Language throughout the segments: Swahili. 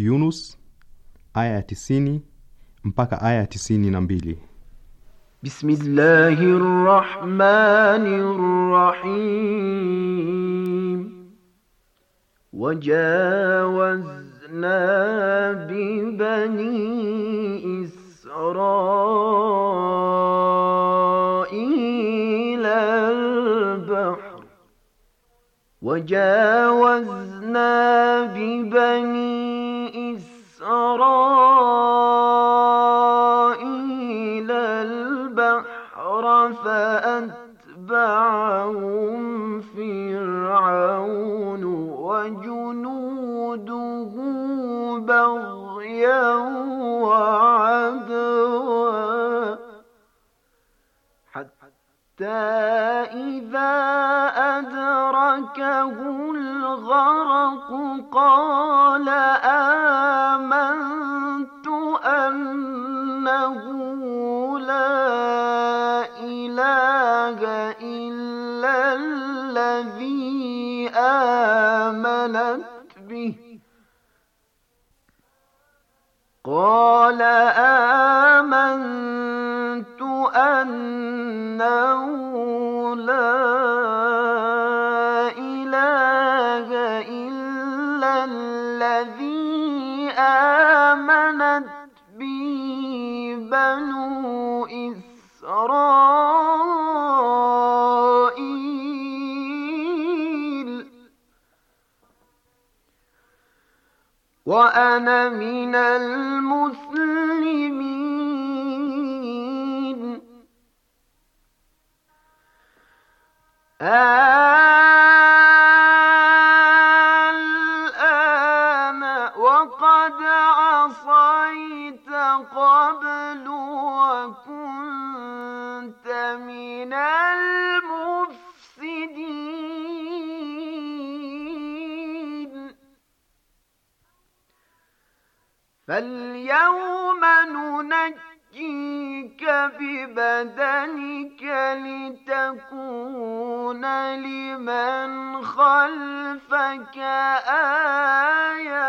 Yunus aya ya tisini mpaka aya ya tisini na mbili. Bismillahir Rahmanir Rahim Wajawazna bi bani Israil al-bahr Wajawazna bi bani إسرائيل البحر فأتبعهم فرعون وجنوده بغيا وعدوا حتى إذا أدركه الغرق قال آمنت أنه لا إله إلا الذي آمنت به قال كان من المسلمين الآن وقد عصيت قبل وكنت من المسلمين فاليوم ننجيك ببدنك لتكون لمن خلفك آية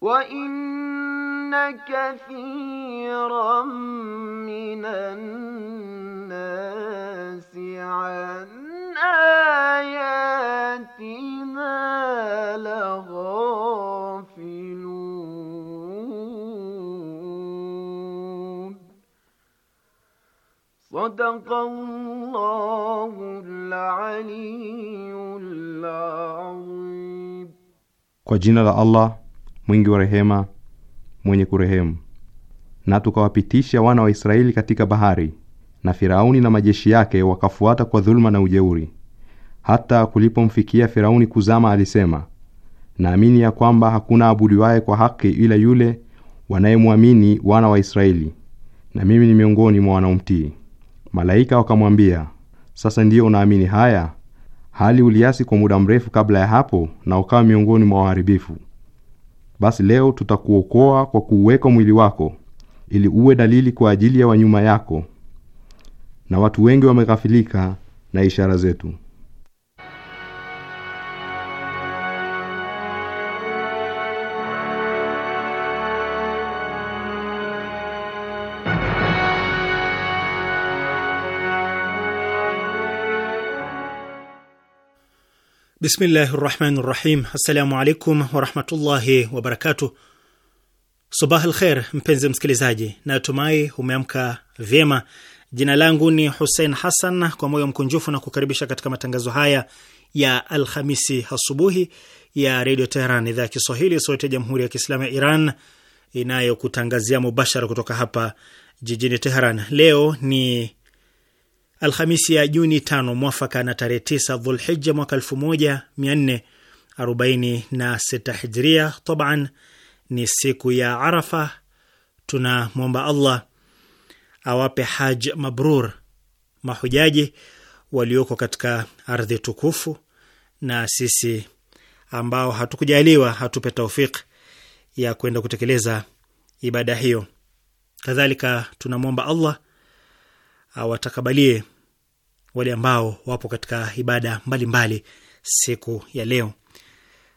وإن كثيرا من الناس عن آياتنا Kwa jina la Allah mwingi wa rehema mwenye kurehemu na tukawapitisha wana wa Israeli katika bahari na Firauni na majeshi yake wakafuata kwa dhuluma na ujeuri hata kulipomfikia Firauni kuzama alisema, naamini ya kwamba hakuna abudiwaye kwa haki ila yule wanayemwamini wana wa Israeli, na mimi ni miongoni mwa wanaomtii. Malaika wakamwambia, sasa ndiyo unaamini haya, hali uliasi kwa muda mrefu kabla ya hapo, na ukawa miongoni mwa waharibifu. Basi leo tutakuokoa kwa kuuweka mwili wako, ili uwe dalili kwa ajili ya wanyuma yako, na watu wengi wameghafilika na ishara zetu. Bismillahi rahmani rahim. Assalamu alaikum warahmatullahi wabarakatu Subah al mpenzi msikilizaji, natumai umeamka vyema. Jina langu ni Husein Hassan, kwa moyo mkunjufu na kukaribisha katika matangazo haya ya Alhamisi asubuhi ya Redio Teheran, idhaa ya Kiswahili, sauti ya Jamhuri ya Kiislamu ya Iran inayokutangazia mubashara kutoka hapa jijini Teheran. Leo ni Alhamisi ya Juni tano mwafaka na tarehe tisa Dhulhija mwaka 1446 Hijria, taban ni siku ya Arafa. Tunamwomba Allah awape haj mabrur mahujaji walioko katika ardhi tukufu, na sisi ambao hatukujaliwa hatupe taufik ya kwenda kutekeleza ibada hiyo. Kadhalika tunamwomba Allah awatakabalie wale ambao wapo katika ibada mbalimbali mbali siku ya leo.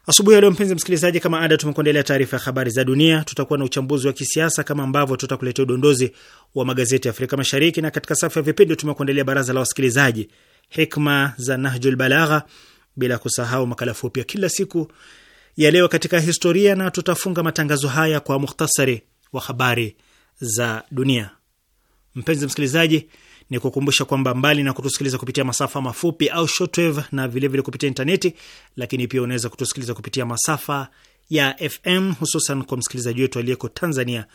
Asubuhi ya leo, mpenzi msikilizaji, kama ada, tumekuandalia taarifa ya habari za dunia, tutakuwa na uchambuzi wa kisiasa kama ambavyo tutakuletea udondozi wa magazeti ya Afrika Mashariki, na katika safu ya vipindi tumekuandalia baraza la wasikilizaji, hikma za Nahjul Balagha, bila kusahau makala fupi ya kila siku ya leo katika historia, na tutafunga matangazo haya kwa muhtasari wa habari za dunia. Mpenzi msikilizaji ni kukumbusha kwamba mbali na kutusikiliza kupitia masafa mafupi au shortwave na vilevile vile kupitia intaneti, lakini pia unaweza kutusikiliza kupitia masafa ya FM hususan kwa msikilizaji wetu aliyeko Tanzania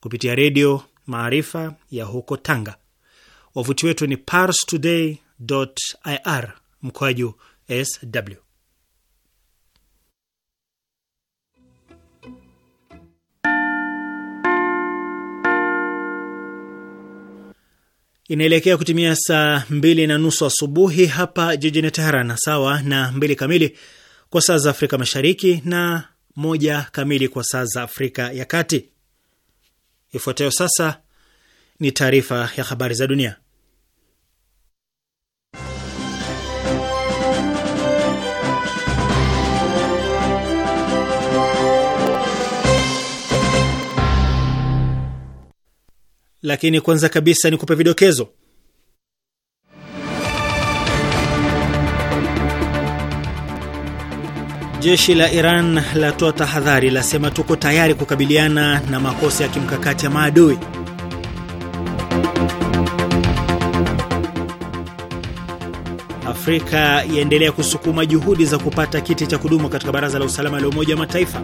kupitia Redio Maarifa ya huko Tanga. Wavuti wetu ni parstoday.ir mkoaju sw inaelekea kutimia saa mbili na nusu asubuhi hapa jijini Teheran, sawa na mbili kamili kwa saa za Afrika Mashariki na moja kamili kwa saa za Afrika ya Kati. Ifuatayo sasa ni taarifa ya habari za dunia, lakini kwanza kabisa ni kupe vidokezo. Jeshi la Iran latoa tahadhari, lasema tuko tayari kukabiliana na makosa ya kimkakati ya maadui. Afrika yaendelea kusukuma juhudi za kupata kiti cha kudumu katika Baraza la Usalama la Umoja wa Mataifa.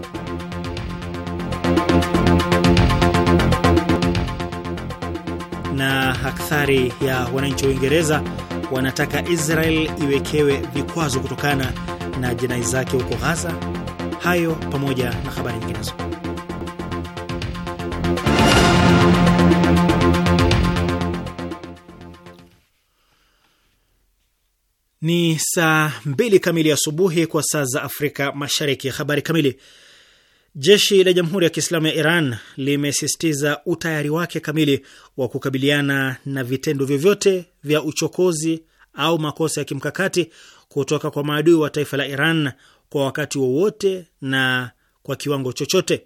na akthari ya wananchi wa Uingereza wanataka Israel iwekewe vikwazo kutokana na jinai zake huko Ghaza. Hayo pamoja na habari nyinginezo. Ni saa mbili kamili asubuhi kwa saa za Afrika Mashariki. Habari kamili Jeshi la Jamhuri ya Kiislamu ya Iran limesisitiza utayari wake kamili wa kukabiliana na vitendo vyovyote vya uchokozi au makosa ya kimkakati kutoka kwa maadui wa taifa la Iran kwa wakati wowote na kwa kiwango chochote.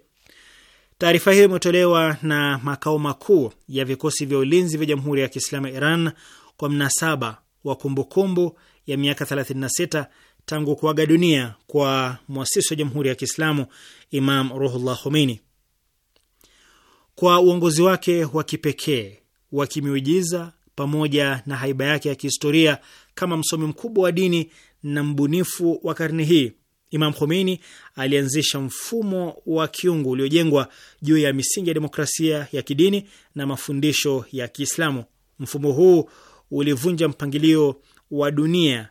Taarifa hiyo imetolewa na makao makuu ya vikosi vya ulinzi vya Jamhuri ya Kiislamu ya Iran kwa mnasaba wa kumbukumbu ya miaka 36 tangu kuaga dunia kwa mwasisi wa Jamhuri ya Kiislamu Imam Ruhullah Khomeini. Kwa uongozi wake wa kipekee wa kimiujiza pamoja na haiba yake ya kihistoria kama msomi mkubwa wa dini na mbunifu wa karne hii, Imam Khomeini alianzisha mfumo wa kiungu uliojengwa juu ya misingi ya demokrasia ya kidini na mafundisho ya Kiislamu. Mfumo huu ulivunja mpangilio wa dunia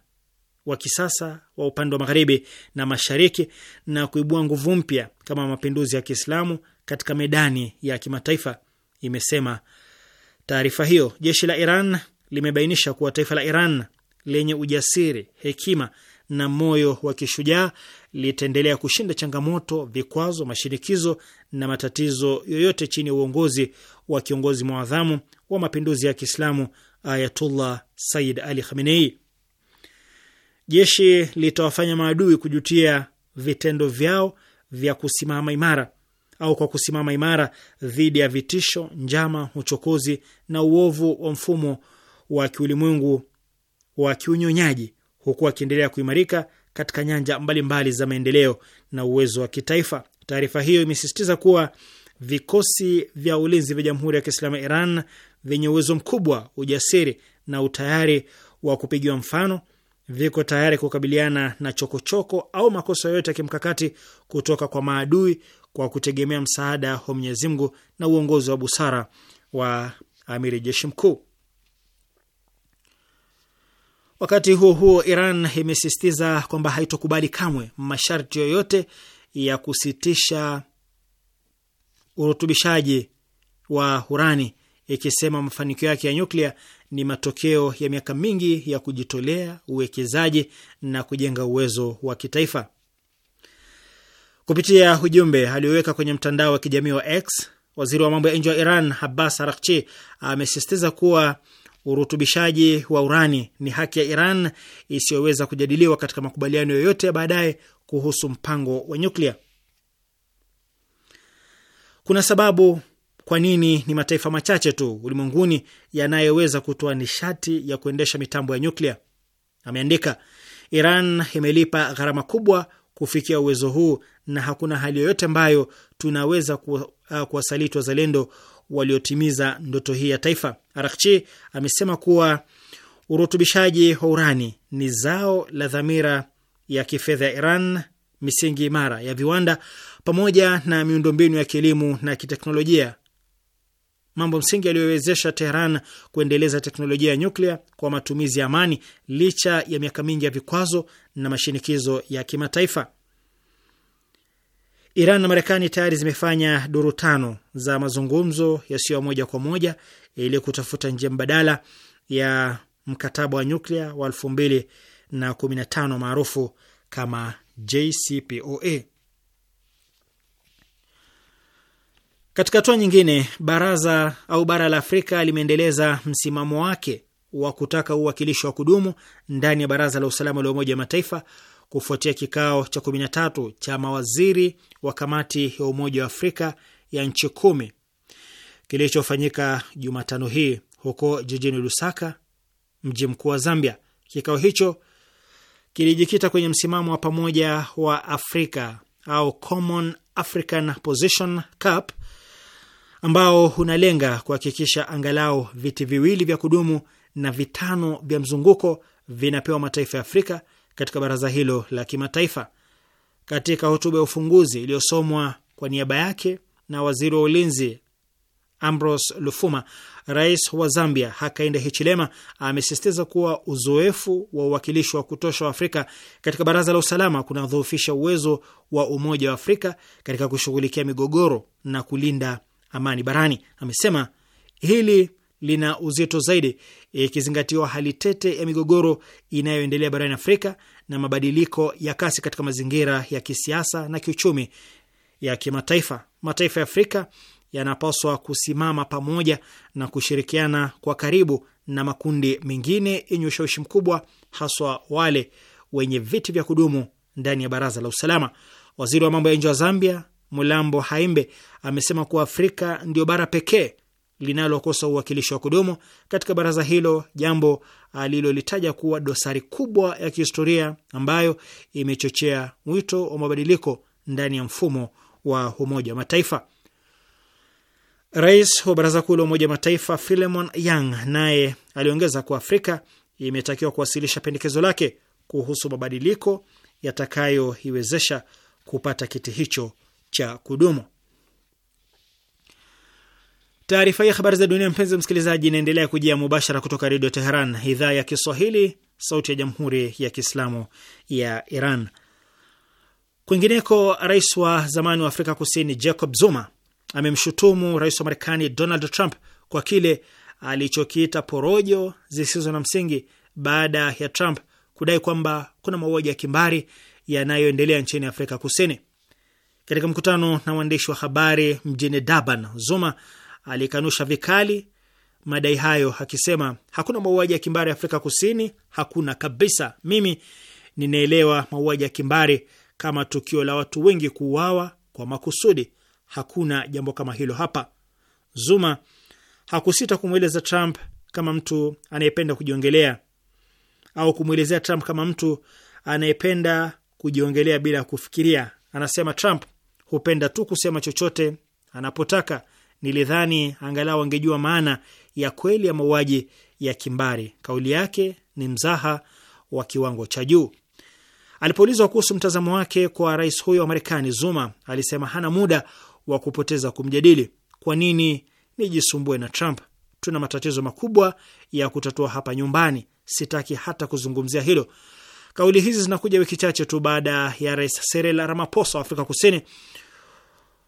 wa kisasa wa upande wa magharibi na mashariki na kuibua nguvu mpya kama mapinduzi ya Kiislamu katika medani ya kimataifa, imesema taarifa hiyo. Jeshi la Iran limebainisha kuwa taifa la Iran lenye ujasiri, hekima na moyo wa kishujaa litaendelea kushinda changamoto, vikwazo, mashinikizo na matatizo yoyote chini ya uongozi wa kiongozi mwadhamu wa mapinduzi ya Kiislamu Ayatullah Sayyid Ali Khamenei. Jeshi litawafanya maadui kujutia vitendo vyao vya kusimama imara au kwa kusimama imara dhidi ya vitisho, njama, uchokozi na uovu wa mfumo wa kiulimwengu wa kiunyonyaji, huku wakiendelea kuimarika katika nyanja mbalimbali mbali za maendeleo na uwezo wa kitaifa. Taarifa hiyo imesisitiza kuwa vikosi vya ulinzi vya Jamhuri ya Kiislamu ya Iran vyenye uwezo mkubwa, ujasiri na utayari wa kupigiwa mfano viko tayari kukabiliana na chokochoko -choko au makosa yoyote ya kimkakati kutoka kwa maadui kwa kutegemea msaada wa Mwenyezi Mungu na uongozi wa busara wa amiri jeshi mkuu. Wakati huo huo, Iran imesisitiza kwamba haitokubali kamwe masharti yoyote ya kusitisha urutubishaji wa urani ikisema mafanikio yake ya nyuklia ni matokeo ya miaka mingi ya kujitolea, uwekezaji na kujenga uwezo wa kitaifa. Kupitia ujumbe aliyoweka kwenye mtandao wa kijamii wa X, waziri wa mambo ya nje wa Iran Abbas Araghchi amesisitiza kuwa urutubishaji wa urani ni haki ya Iran isiyoweza kujadiliwa katika makubaliano yoyote ya baadaye kuhusu mpango wa nyuklia. Kuna sababu kwa nini ni mataifa machache tu ulimwenguni yanayoweza kutoa nishati ya kuendesha mitambo ya nyuklia. Ameandika, Iran imelipa gharama kubwa kufikia uwezo huu na hakuna hali yoyote ambayo tunaweza uh, kuwasaliti wazalendo waliotimiza ndoto hii ya taifa. Arakchi amesema kuwa urutubishaji wa urani ni zao la dhamira ya kifedha ya Iran, misingi imara ya viwanda pamoja na miundombinu ya kielimu na kiteknolojia mambo msingi yaliyowezesha Teheran kuendeleza teknolojia ya nyuklia kwa matumizi ya amani licha ya miaka mingi ya vikwazo na mashinikizo ya kimataifa. Iran na Marekani tayari zimefanya duru tano za mazungumzo yasiyo moja kwa moja ili kutafuta njia mbadala ya mkataba wa nyuklia wa elfu mbili na kumi na tano maarufu kama JCPOA. Katika hatua nyingine, baraza au bara la Afrika limeendeleza msimamo wake wa kutaka uwakilishi wa kudumu ndani ya baraza la usalama la Umoja wa Mataifa kufuatia kikao cha 13 cha mawaziri wa kamati ya Umoja wa Afrika ya nchi kumi kilichofanyika Jumatano hii huko jijini Lusaka, mji mkuu wa Zambia. Kikao hicho kilijikita kwenye msimamo wa pamoja wa Afrika au Common African Position CAP ambao unalenga kuhakikisha angalau viti viwili vya kudumu na vitano vya mzunguko vinapewa mataifa ya Afrika katika baraza hilo la kimataifa. Katika hotuba ya ufunguzi iliyosomwa kwa niaba yake na waziri wa ulinzi Ambrose Lufuma, rais wa Zambia Hakainde Hichilema amesisitiza kuwa uzoefu wa uwakilishi wa kutosha wa Afrika katika baraza la usalama kunadhoofisha uwezo wa Umoja wa Afrika katika kushughulikia migogoro na kulinda amani barani. Amesema hili lina uzito zaidi ikizingatiwa hali tete ya migogoro inayoendelea barani Afrika na mabadiliko ya kasi katika mazingira ya kisiasa na kiuchumi ya kimataifa. Mataifa ya Afrika yanapaswa kusimama pamoja na kushirikiana kwa karibu na makundi mengine yenye ushawishi mkubwa, haswa wale wenye viti vya kudumu ndani ya Baraza la Usalama. Waziri wa mambo ya nje wa Zambia Mulambo Haimbe amesema kuwa Afrika ndio bara pekee linalokosa uwakilishi wa kudumu katika baraza hilo, jambo alilolitaja kuwa dosari kubwa ya kihistoria ambayo imechochea wito wa mabadiliko ndani ya mfumo wa Umoja wa Mataifa. Rais wa Baraza Kuu la Umoja wa Mataifa Filemon Yang naye aliongeza kuwa Afrika imetakiwa kuwasilisha pendekezo lake kuhusu mabadiliko yatakayoiwezesha kupata kiti hicho cha kudumu. Taarifa hii habari za dunia, mpenzi msikilizaji, inaendelea kujia mubashara kutoka Redio Teheran, idhaa ya Kiswahili, sauti ya Jamhuri ya Kiislamu ya Iran. Kwingineko, rais wa zamani wa Afrika Kusini Jacob Zuma amemshutumu rais wa Marekani Donald Trump kwa kile alichokiita porojo zisizo na msingi baada ya Trump kudai kwamba kuna mauaji ya kimbari yanayoendelea nchini Afrika Kusini. Katika mkutano na waandishi wa habari mjini Durban, Zuma alikanusha vikali madai hayo akisema hakuna mauaji ya kimbari Afrika Kusini, hakuna kabisa. Mimi ninaelewa mauaji ya kimbari kama tukio la watu wengi kuuawa kwa makusudi. Hakuna jambo kama hilo hapa. Zuma hakusita kumweleza Trump kama mtu anayependa kujiongelea au kumwelezea Trump kama mtu anayependa kujiongelea bila kufikiria. Anasema Trump hupenda tu kusema chochote anapotaka. Nilidhani angalau angejua maana ya kweli ya mauaji ya kimbari. Kauli yake ni mzaha wa kiwango cha juu. Alipoulizwa kuhusu mtazamo wake kwa rais huyo wa Marekani, Zuma alisema hana muda wa kupoteza kumjadili. Kwa nini nijisumbue na Trump? Tuna matatizo makubwa ya kutatua hapa nyumbani, sitaki hata kuzungumzia hilo. Kauli hizi zinakuja wiki chache tu baada ya Rais Cyril Ramaphosa wa Afrika Kusini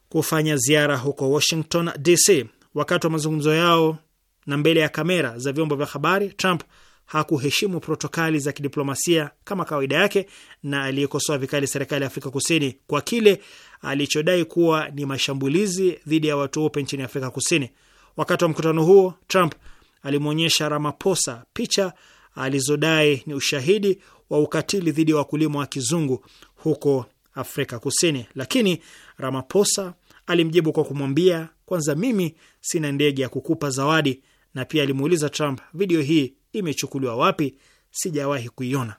kufanya ziara huko Washington DC. Wakati wa mazungumzo yao na mbele ya kamera za vyombo vya habari, Trump hakuheshimu protokali za kidiplomasia kama kawaida yake, na aliyekosoa vikali serikali ya Afrika Kusini kwa kile alichodai kuwa ni mashambulizi dhidi ya watu weupe nchini Afrika Kusini. Wakati wa mkutano huo, Trump alimwonyesha Ramaphosa picha alizodai ni ushahidi wa ukatili dhidi ya wakulima wa kizungu huko Afrika Kusini, lakini Ramaphosa alimjibu kwa kumwambia, kwanza mimi sina ndege ya kukupa zawadi, na pia alimuuliza Trump, video hii imechukuliwa wapi? Sijawahi kuiona,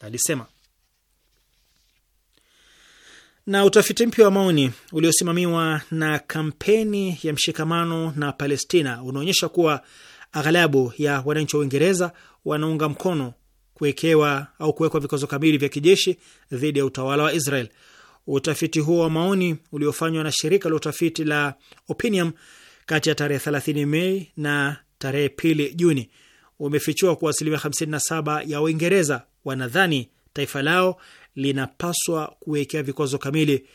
alisema. Na utafiti mpya wa maoni uliosimamiwa na kampeni ya mshikamano na Palestina unaonyesha kuwa aghalabu ya wananchi wa Uingereza wanaunga mkono kuwekewa au kuwekwa vikwazo kamili vya kijeshi dhidi ya utawala wa Israel. Utafiti huo wa maoni uliofanywa na shirika la utafiti la Opinium kati ya tarehe 30 Mei na tarehe pili Juni umefichua kuwa asilimia 57 ya Waingereza wanadhani taifa lao linapaswa kuwekea vikwazo kamili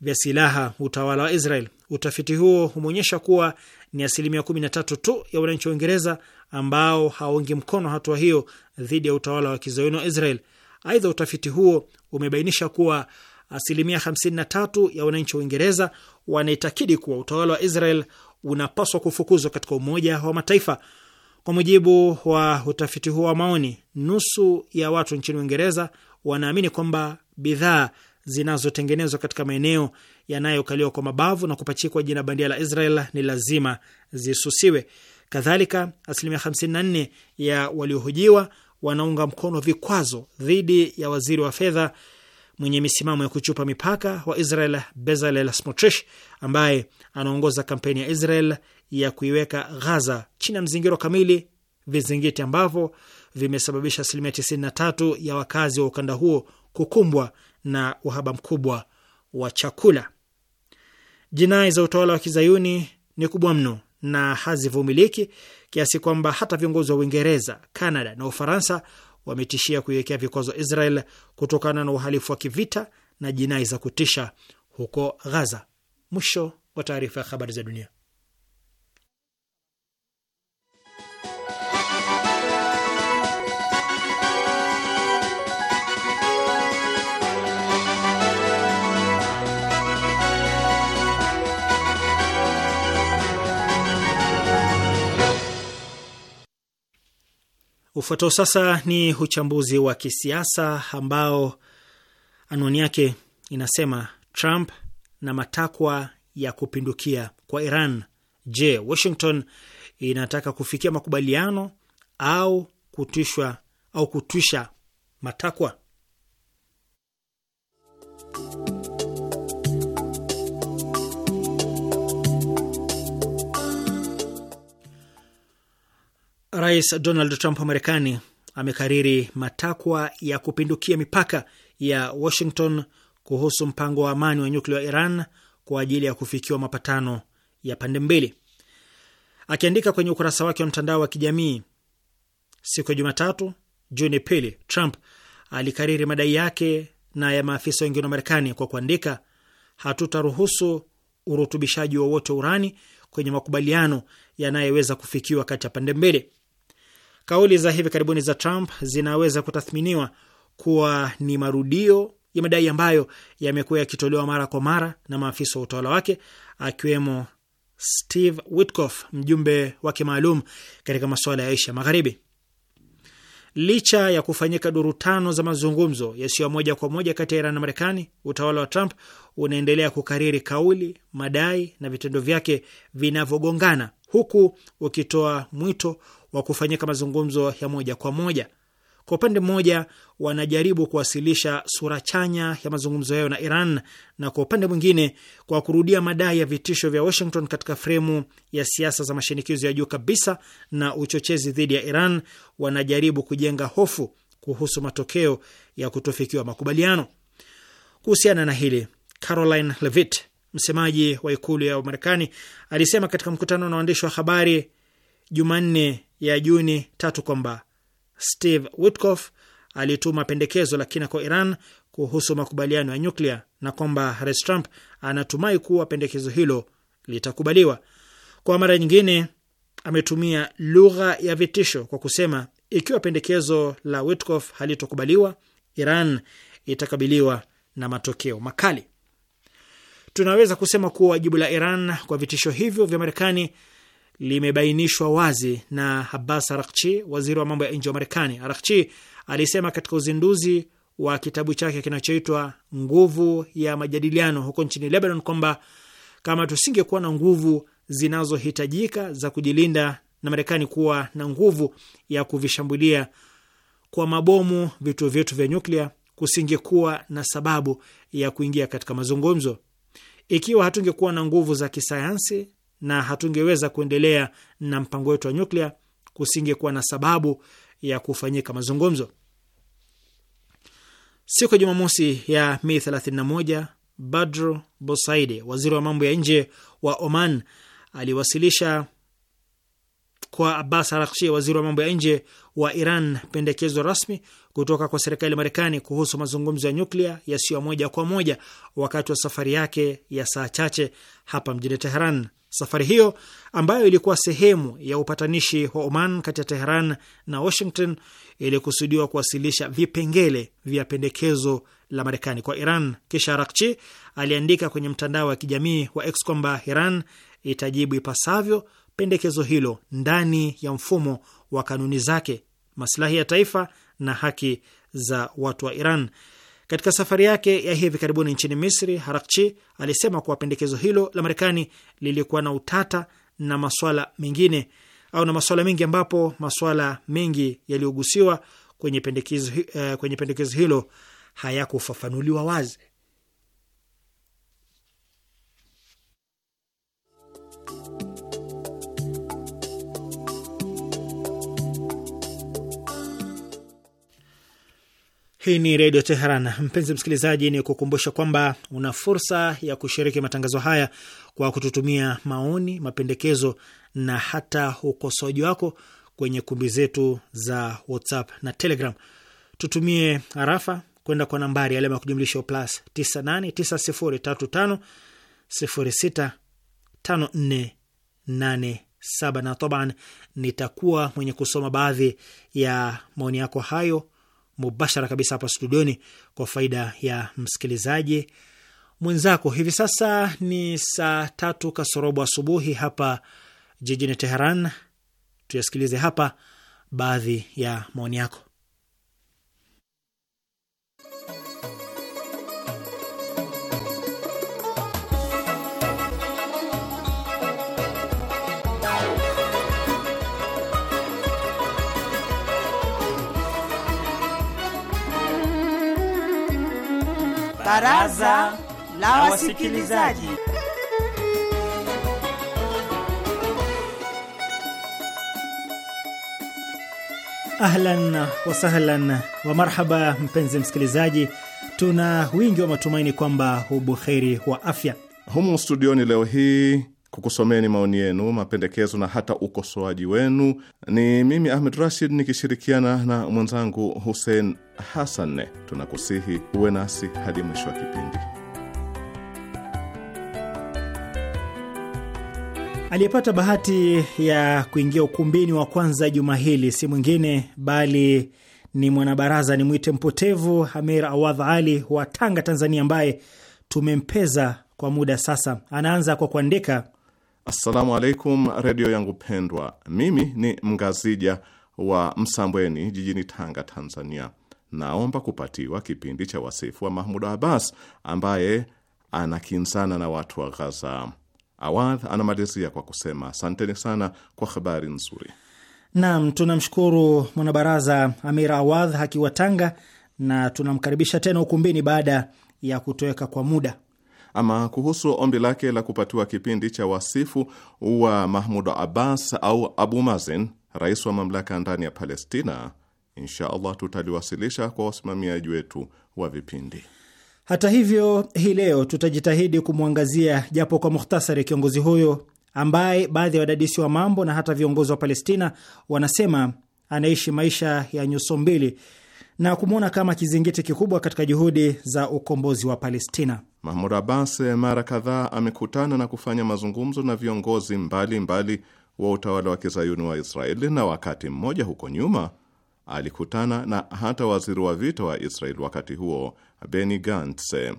vya silaha utawala wa Israel. Utafiti huo umeonyesha kuwa ni asilimia 13 tu ya wananchi wa Uingereza ambao hawaungi mkono hatua hiyo dhidi ya utawala wa kizayuni wa Israel. Aidha, utafiti huo umebainisha kuwa asilimia 53 ya wananchi wa Uingereza wanaitakidi kuwa utawala wa Israel unapaswa kufukuzwa katika Umoja wa Mataifa. Kwa mujibu wa utafiti huo wa maoni, nusu ya watu nchini Uingereza wanaamini kwamba bidhaa zinazotengenezwa katika maeneo yanayokaliwa kwa mabavu na kupachikwa jina bandia la Israel ni lazima zisusiwe. Kadhalika, asilimia 54 ya waliohojiwa wanaunga mkono vikwazo dhidi ya waziri wa fedha mwenye misimamo ya kuchupa mipaka wa Israel Bezalel Smotrich ambaye anaongoza kampeni ya Israel ya kuiweka Ghaza chini ya mzingiro kamili, vizingiti ambavyo vimesababisha asilimia tatu ya wakazi wa ukanda huo kukumbwa na uhaba mkubwa wa chakula. Jinai za utawala wa kizayuni ni kubwa mno na hazivumiliki kiasi kwamba hata viongozi wa Uingereza, canada na Ufaransa wametishia kuiwekea vikwazo Israel kutokana na uhalifu wa kivita na jinai za kutisha huko Ghaza. Mwisho wa taarifa ya habari za dunia. Ufuatao sasa ni uchambuzi wa kisiasa ambao anwani yake inasema Trump na matakwa ya kupindukia kwa Iran. Je, Washington inataka kufikia makubaliano au kutishwa au kutwisha matakwa? Rais Donald Trump wa Marekani amekariri matakwa ya kupindukia mipaka ya Washington kuhusu mpango wa amani wa nyuklia wa Iran kwa ajili ya kufikiwa mapatano ya pande mbili. Akiandika kwenye ukurasa wake wa mtandao wa kijamii siku ya Jumatatu, Juni pili, Trump alikariri madai yake na ya maafisa wengine wa Marekani kwa kuandika, hatutaruhusu urutubishaji wowote wa urani kwenye makubaliano yanayoweza kufikiwa kati ya pande mbili. Kauli za hivi karibuni za Trump zinaweza kutathminiwa kuwa ni marudio ya madai ambayo yamekuwa yakitolewa mara kwa mara na maafisa wa utawala wake akiwemo Steve Witkoff, mjumbe wake maalum katika masuala ya Asia Magharibi. Licha ya kufanyika duru tano za mazungumzo yasiyo moja kwa moja kati ya Iran na Marekani, utawala wa Trump unaendelea kukariri kauli, madai na vitendo vyake vinavyogongana, huku ukitoa mwito wa kufanyika mazungumzo ya moja kwa moja. Kwa upande mmoja, wanajaribu kuwasilisha sura chanya ya mazungumzo yayo na Iran, na kwa upande mwingine, kwa kurudia madai ya vitisho vya Washington katika fremu ya siasa za mashinikizo ya juu kabisa na uchochezi dhidi ya Iran, wanajaribu kujenga hofu kuhusu matokeo ya kutofikiwa makubaliano. Kuhusiana na hili, Caroline Levitt, msemaji wa ikulu ya Marekani, alisema katika mkutano na waandishi wa habari Jumanne ya Juni tatu kwamba Steve Witkoff alituma pendekezo la kina kwa Iran kuhusu makubaliano ya nyuklia na kwamba Rais Trump anatumai kuwa pendekezo hilo litakubaliwa. Kwa mara nyingine ametumia lugha ya vitisho kwa kusema ikiwa pendekezo la Witkoff halitokubaliwa, Iran itakabiliwa na matokeo makali. Tunaweza kusema kuwa jibu la Iran kwa vitisho hivyo vya Marekani limebainishwa wazi na Abbas Arakchi, waziri wa mambo ya nje wa Marekani. Arakchi alisema katika uzinduzi wa kitabu chake kinachoitwa Nguvu ya Majadiliano huko nchini Lebanon kwamba kama tusingekuwa na nguvu zinazohitajika za kujilinda na Marekani kuwa na nguvu ya kuvishambulia kwa mabomu vituo vyetu vya nyuklia, kusingekuwa na sababu ya kuingia katika mazungumzo. Ikiwa hatungekuwa na nguvu za kisayansi na hatungeweza kuendelea na mpango wetu wa nyuklia, kusingekuwa na sababu ya kufanyika mazungumzo. Siku ya Jumamosi ya Mei 31, Badr Bosaidi, waziri wa mambo ya nje wa Oman, aliwasilisha kwa Abbas arakshi waziri wa mambo ya nje wa Iran, pendekezo rasmi kutoka kwa serikali ya Marekani kuhusu mazungumzo ya nyuklia yasiyo moja kwa moja wakati wa safari yake ya saa chache hapa mjini Teheran. Safari hiyo ambayo ilikuwa sehemu ya upatanishi wa Oman kati ya Teheran na Washington ilikusudiwa kuwasilisha vipengele vya pendekezo la Marekani kwa Iran. Kisha Arakchi aliandika kwenye mtandao wa kijamii wa X kwamba Iran itajibu ipasavyo pendekezo hilo ndani ya mfumo wa kanuni zake, masilahi ya taifa na haki za watu wa Iran. Katika safari yake ya hivi karibuni nchini Misri, Harakchi alisema kuwa pendekezo hilo la Marekani lilikuwa na utata na maswala mengine au na maswala mengi, ambapo maswala mengi yaliyogusiwa kwenye pendekezo, uh, kwenye pendekezo hilo hayakufafanuliwa wazi. Hii ni Redio Teheran. Mpenzi msikilizaji, ni kukumbusha kwamba una fursa ya kushiriki matangazo haya kwa kututumia maoni, mapendekezo na hata ukosoaji wako kwenye kumbi zetu za WhatsApp na Telegram. Tutumie arafa kwenda kwa nambari alama ya kujumlisha plus 989035065487 na taban, nitakuwa mwenye kusoma baadhi ya maoni yako hayo mubashara kabisa hapa studioni kwa faida ya msikilizaji mwenzako. Hivi sasa ni saa tatu kasorobo asubuhi hapa jijini Teheran. Tuyasikilize hapa baadhi ya maoni yako. Baraza la Wasikilizaji. Ahlan wasahlan wa marhaba, mpenzi msikilizaji, tuna wingi wa matumaini kwamba ubuheri wa afya humu studioni leo hii kukusomeni maoni yenu, mapendekezo na hata ukosoaji wenu. Ni mimi Ahmed Rashid nikishirikiana na mwenzangu Hussein Hassan. Tunakusihi uwe nasi hadi mwisho wa kipindi. Aliyepata bahati ya kuingia ukumbini wa kwanza juma hili si mwingine bali ni mwanabaraza ni mwite mpotevu Hamir Awadh Ali wa Tanga, Tanzania, ambaye tumempeza kwa muda sasa. Anaanza kwa kuandika Assalamu alaikum, redio yangu pendwa. Mimi ni mgazija wa Msambweni jijini Tanga, Tanzania. Naomba kupatiwa kipindi cha wasifu wa Mahmud Abbas ambaye anakinzana na watu wa Ghaza. Awadh anamalizia kwa kusema asanteni sana kwa habari nzuri. Naam, tunamshukuru mwanabaraza Amir Awadh akiwa Tanga, na tunamkaribisha tena ukumbini baada ya kutoweka kwa muda. Ama kuhusu ombi lake la kupatiwa kipindi cha wasifu wa Mahmud Abbas au Abu Mazin, rais wa mamlaka ndani ya Palestina, insha allah tutaliwasilisha kwa wasimamiaji wetu wa vipindi. Hata hivyo, hii leo tutajitahidi kumwangazia japo kwa mukhtasari kiongozi huyo ambaye baadhi ya wadadisi wa mambo na hata viongozi wa Palestina wanasema anaishi maisha ya nyuso mbili na kumwona kama kizingiti kikubwa katika juhudi za ukombozi wa Palestina. Mahmud Abbas eh, mara kadhaa amekutana na kufanya mazungumzo na viongozi mbalimbali mbali wa utawala wa kizayuni wa Israeli, na wakati mmoja huko nyuma alikutana na hata waziri wa vita wa Israeli wakati huo Benny Gantz, eh,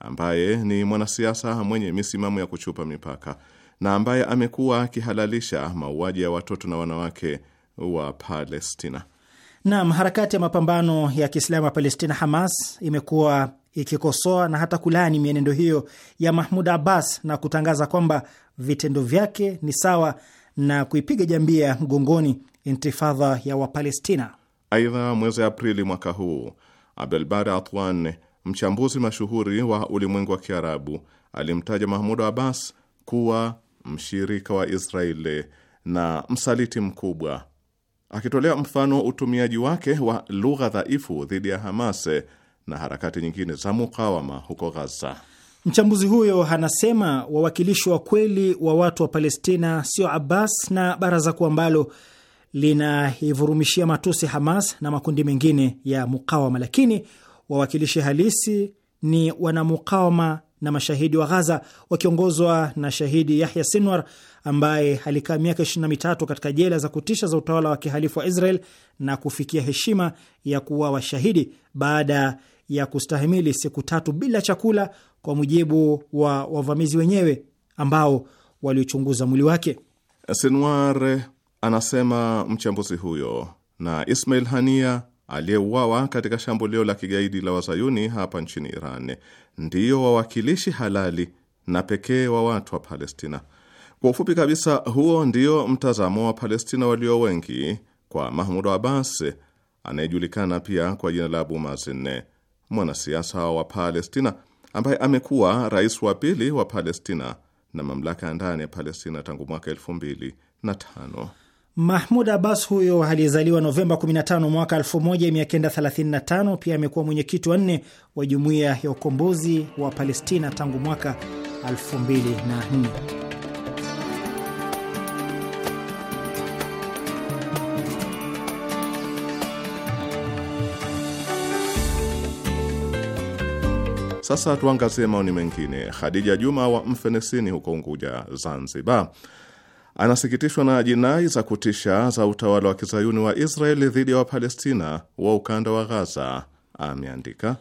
ambaye ni mwanasiasa mwenye misimamo ya kuchupa mipaka na ambaye amekuwa akihalalisha mauaji ya watoto na wanawake wa Palestina. Naam, harakati ya mapambano ya Kiislamu ya Palestina, Hamas, imekuwa ikikosoa na hata kulaani mienendo hiyo ya Mahmud Abbas na kutangaza kwamba vitendo vyake ni sawa na kuipiga jambia mgongoni intifadha ya Wapalestina. Aidha, mwezi Aprili mwaka huu abdelbar Atwan, mchambuzi mashuhuri wa ulimwengu wa Kiarabu, alimtaja Mahmud Abbas kuwa mshirika wa Israeli na msaliti mkubwa akitolea mfano utumiaji wake wa lugha dhaifu dhidi ya Hamas na harakati nyingine za mukawama huko Gaza. Mchambuzi huyo anasema wawakilishi wa kweli wa watu wa Palestina sio Abbas na baraza kuu ambalo linaivurumishia matusi Hamas na makundi mengine ya mukawama, lakini wawakilishi halisi ni wanamukawama na mashahidi wa Ghaza wakiongozwa na shahidi Yahya Sinwar ambaye alikaa miaka 23 katika jela za kutisha za utawala wa kihalifu wa Israel na kufikia heshima ya kuwa washahidi baada ya kustahimili siku tatu bila chakula, kwa mujibu wa wavamizi wenyewe ambao waliochunguza mwili wake. Sinwar anasema mchambuzi huyo na Ismail Hania aliyeuawa katika shambulio la kigaidi la wazayuni hapa nchini Iran ndiyo wawakilishi halali na pekee wa watu wa Palestina. Kwa ufupi kabisa, huo ndio mtazamo wa Palestina walio wengi kwa Mahmud Abbas anayejulikana pia kwa jina la Abu Mazen, mwanasiasa wa Palestina ambaye amekuwa rais wa pili wa Palestina na mamlaka ya ndani ya Palestina tangu mwaka elfu mbili na tano. Mahmud Abbas huyo aliyezaliwa Novemba 15 mwaka 1935 pia amekuwa mwenyekiti wa nne wa jumuiya ya ukombozi wa Palestina tangu mwaka 2004. Sasa tuangazie maoni mengine. Khadija Juma wa Mfenesini huko Unguja, Zanzibar, anasikitishwa na jinai za kutisha za utawala wa kizayuni wa Israeli dhidi ya Wapalestina wa ukanda wa Ghaza. Ameandika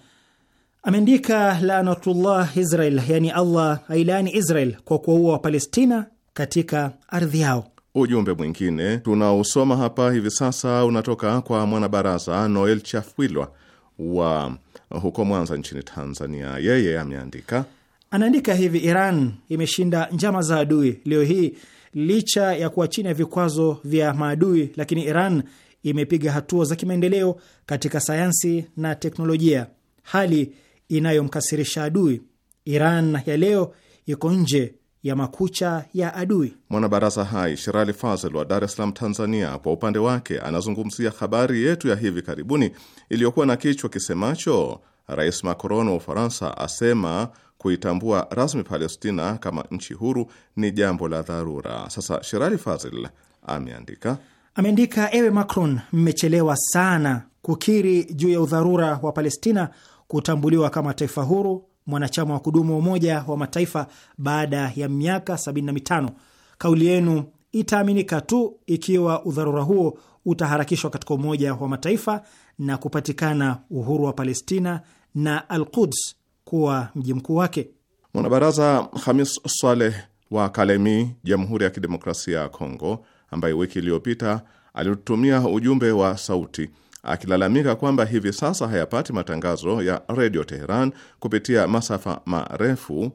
ameandika laanatullah Israel, yani Allah ailaani Israel kwa kuwaua Wapalestina katika ardhi yao. Ujumbe mwingine tunaosoma hapa hivi sasa unatoka kwa mwanabaraza Noel Chafwilwa wa huko Mwanza nchini Tanzania. Yeye ameandika, anaandika hivi: Iran imeshinda njama za adui leo hii Licha ya kuwa chini ya vikwazo vya maadui, lakini Iran imepiga hatua za kimaendeleo katika sayansi na teknolojia, hali inayomkasirisha adui. Iran ya leo iko nje ya makucha ya adui. Mwanabaraza hai Shirali Fazel wa Dar es Salaam, Tanzania, kwa upande wake anazungumzia habari yetu ya hivi karibuni iliyokuwa na kichwa kisemacho Rais Macron wa Ufaransa asema kuitambua rasmi Palestina kama nchi huru ni jambo la dharura. Sasa Sherali Fazil ameandika ameandika, ewe Macron, mmechelewa sana kukiri juu ya udharura wa Palestina kutambuliwa kama taifa huru mwanachama wa kudumu wa Umoja wa Mataifa baada ya miaka 75. Kauli yenu itaaminika tu ikiwa udharura huo utaharakishwa katika Umoja wa Mataifa na kupatikana uhuru wa Palestina na Al Quds kuwa mji mkuu wake. Mwanabaraza Hamis Saleh wa Kalemi, Jamhuri ya Kidemokrasia ya Kongo, ambaye wiki iliyopita alitumia ujumbe wa sauti akilalamika kwamba hivi sasa hayapati matangazo ya redio Teheran kupitia masafa marefu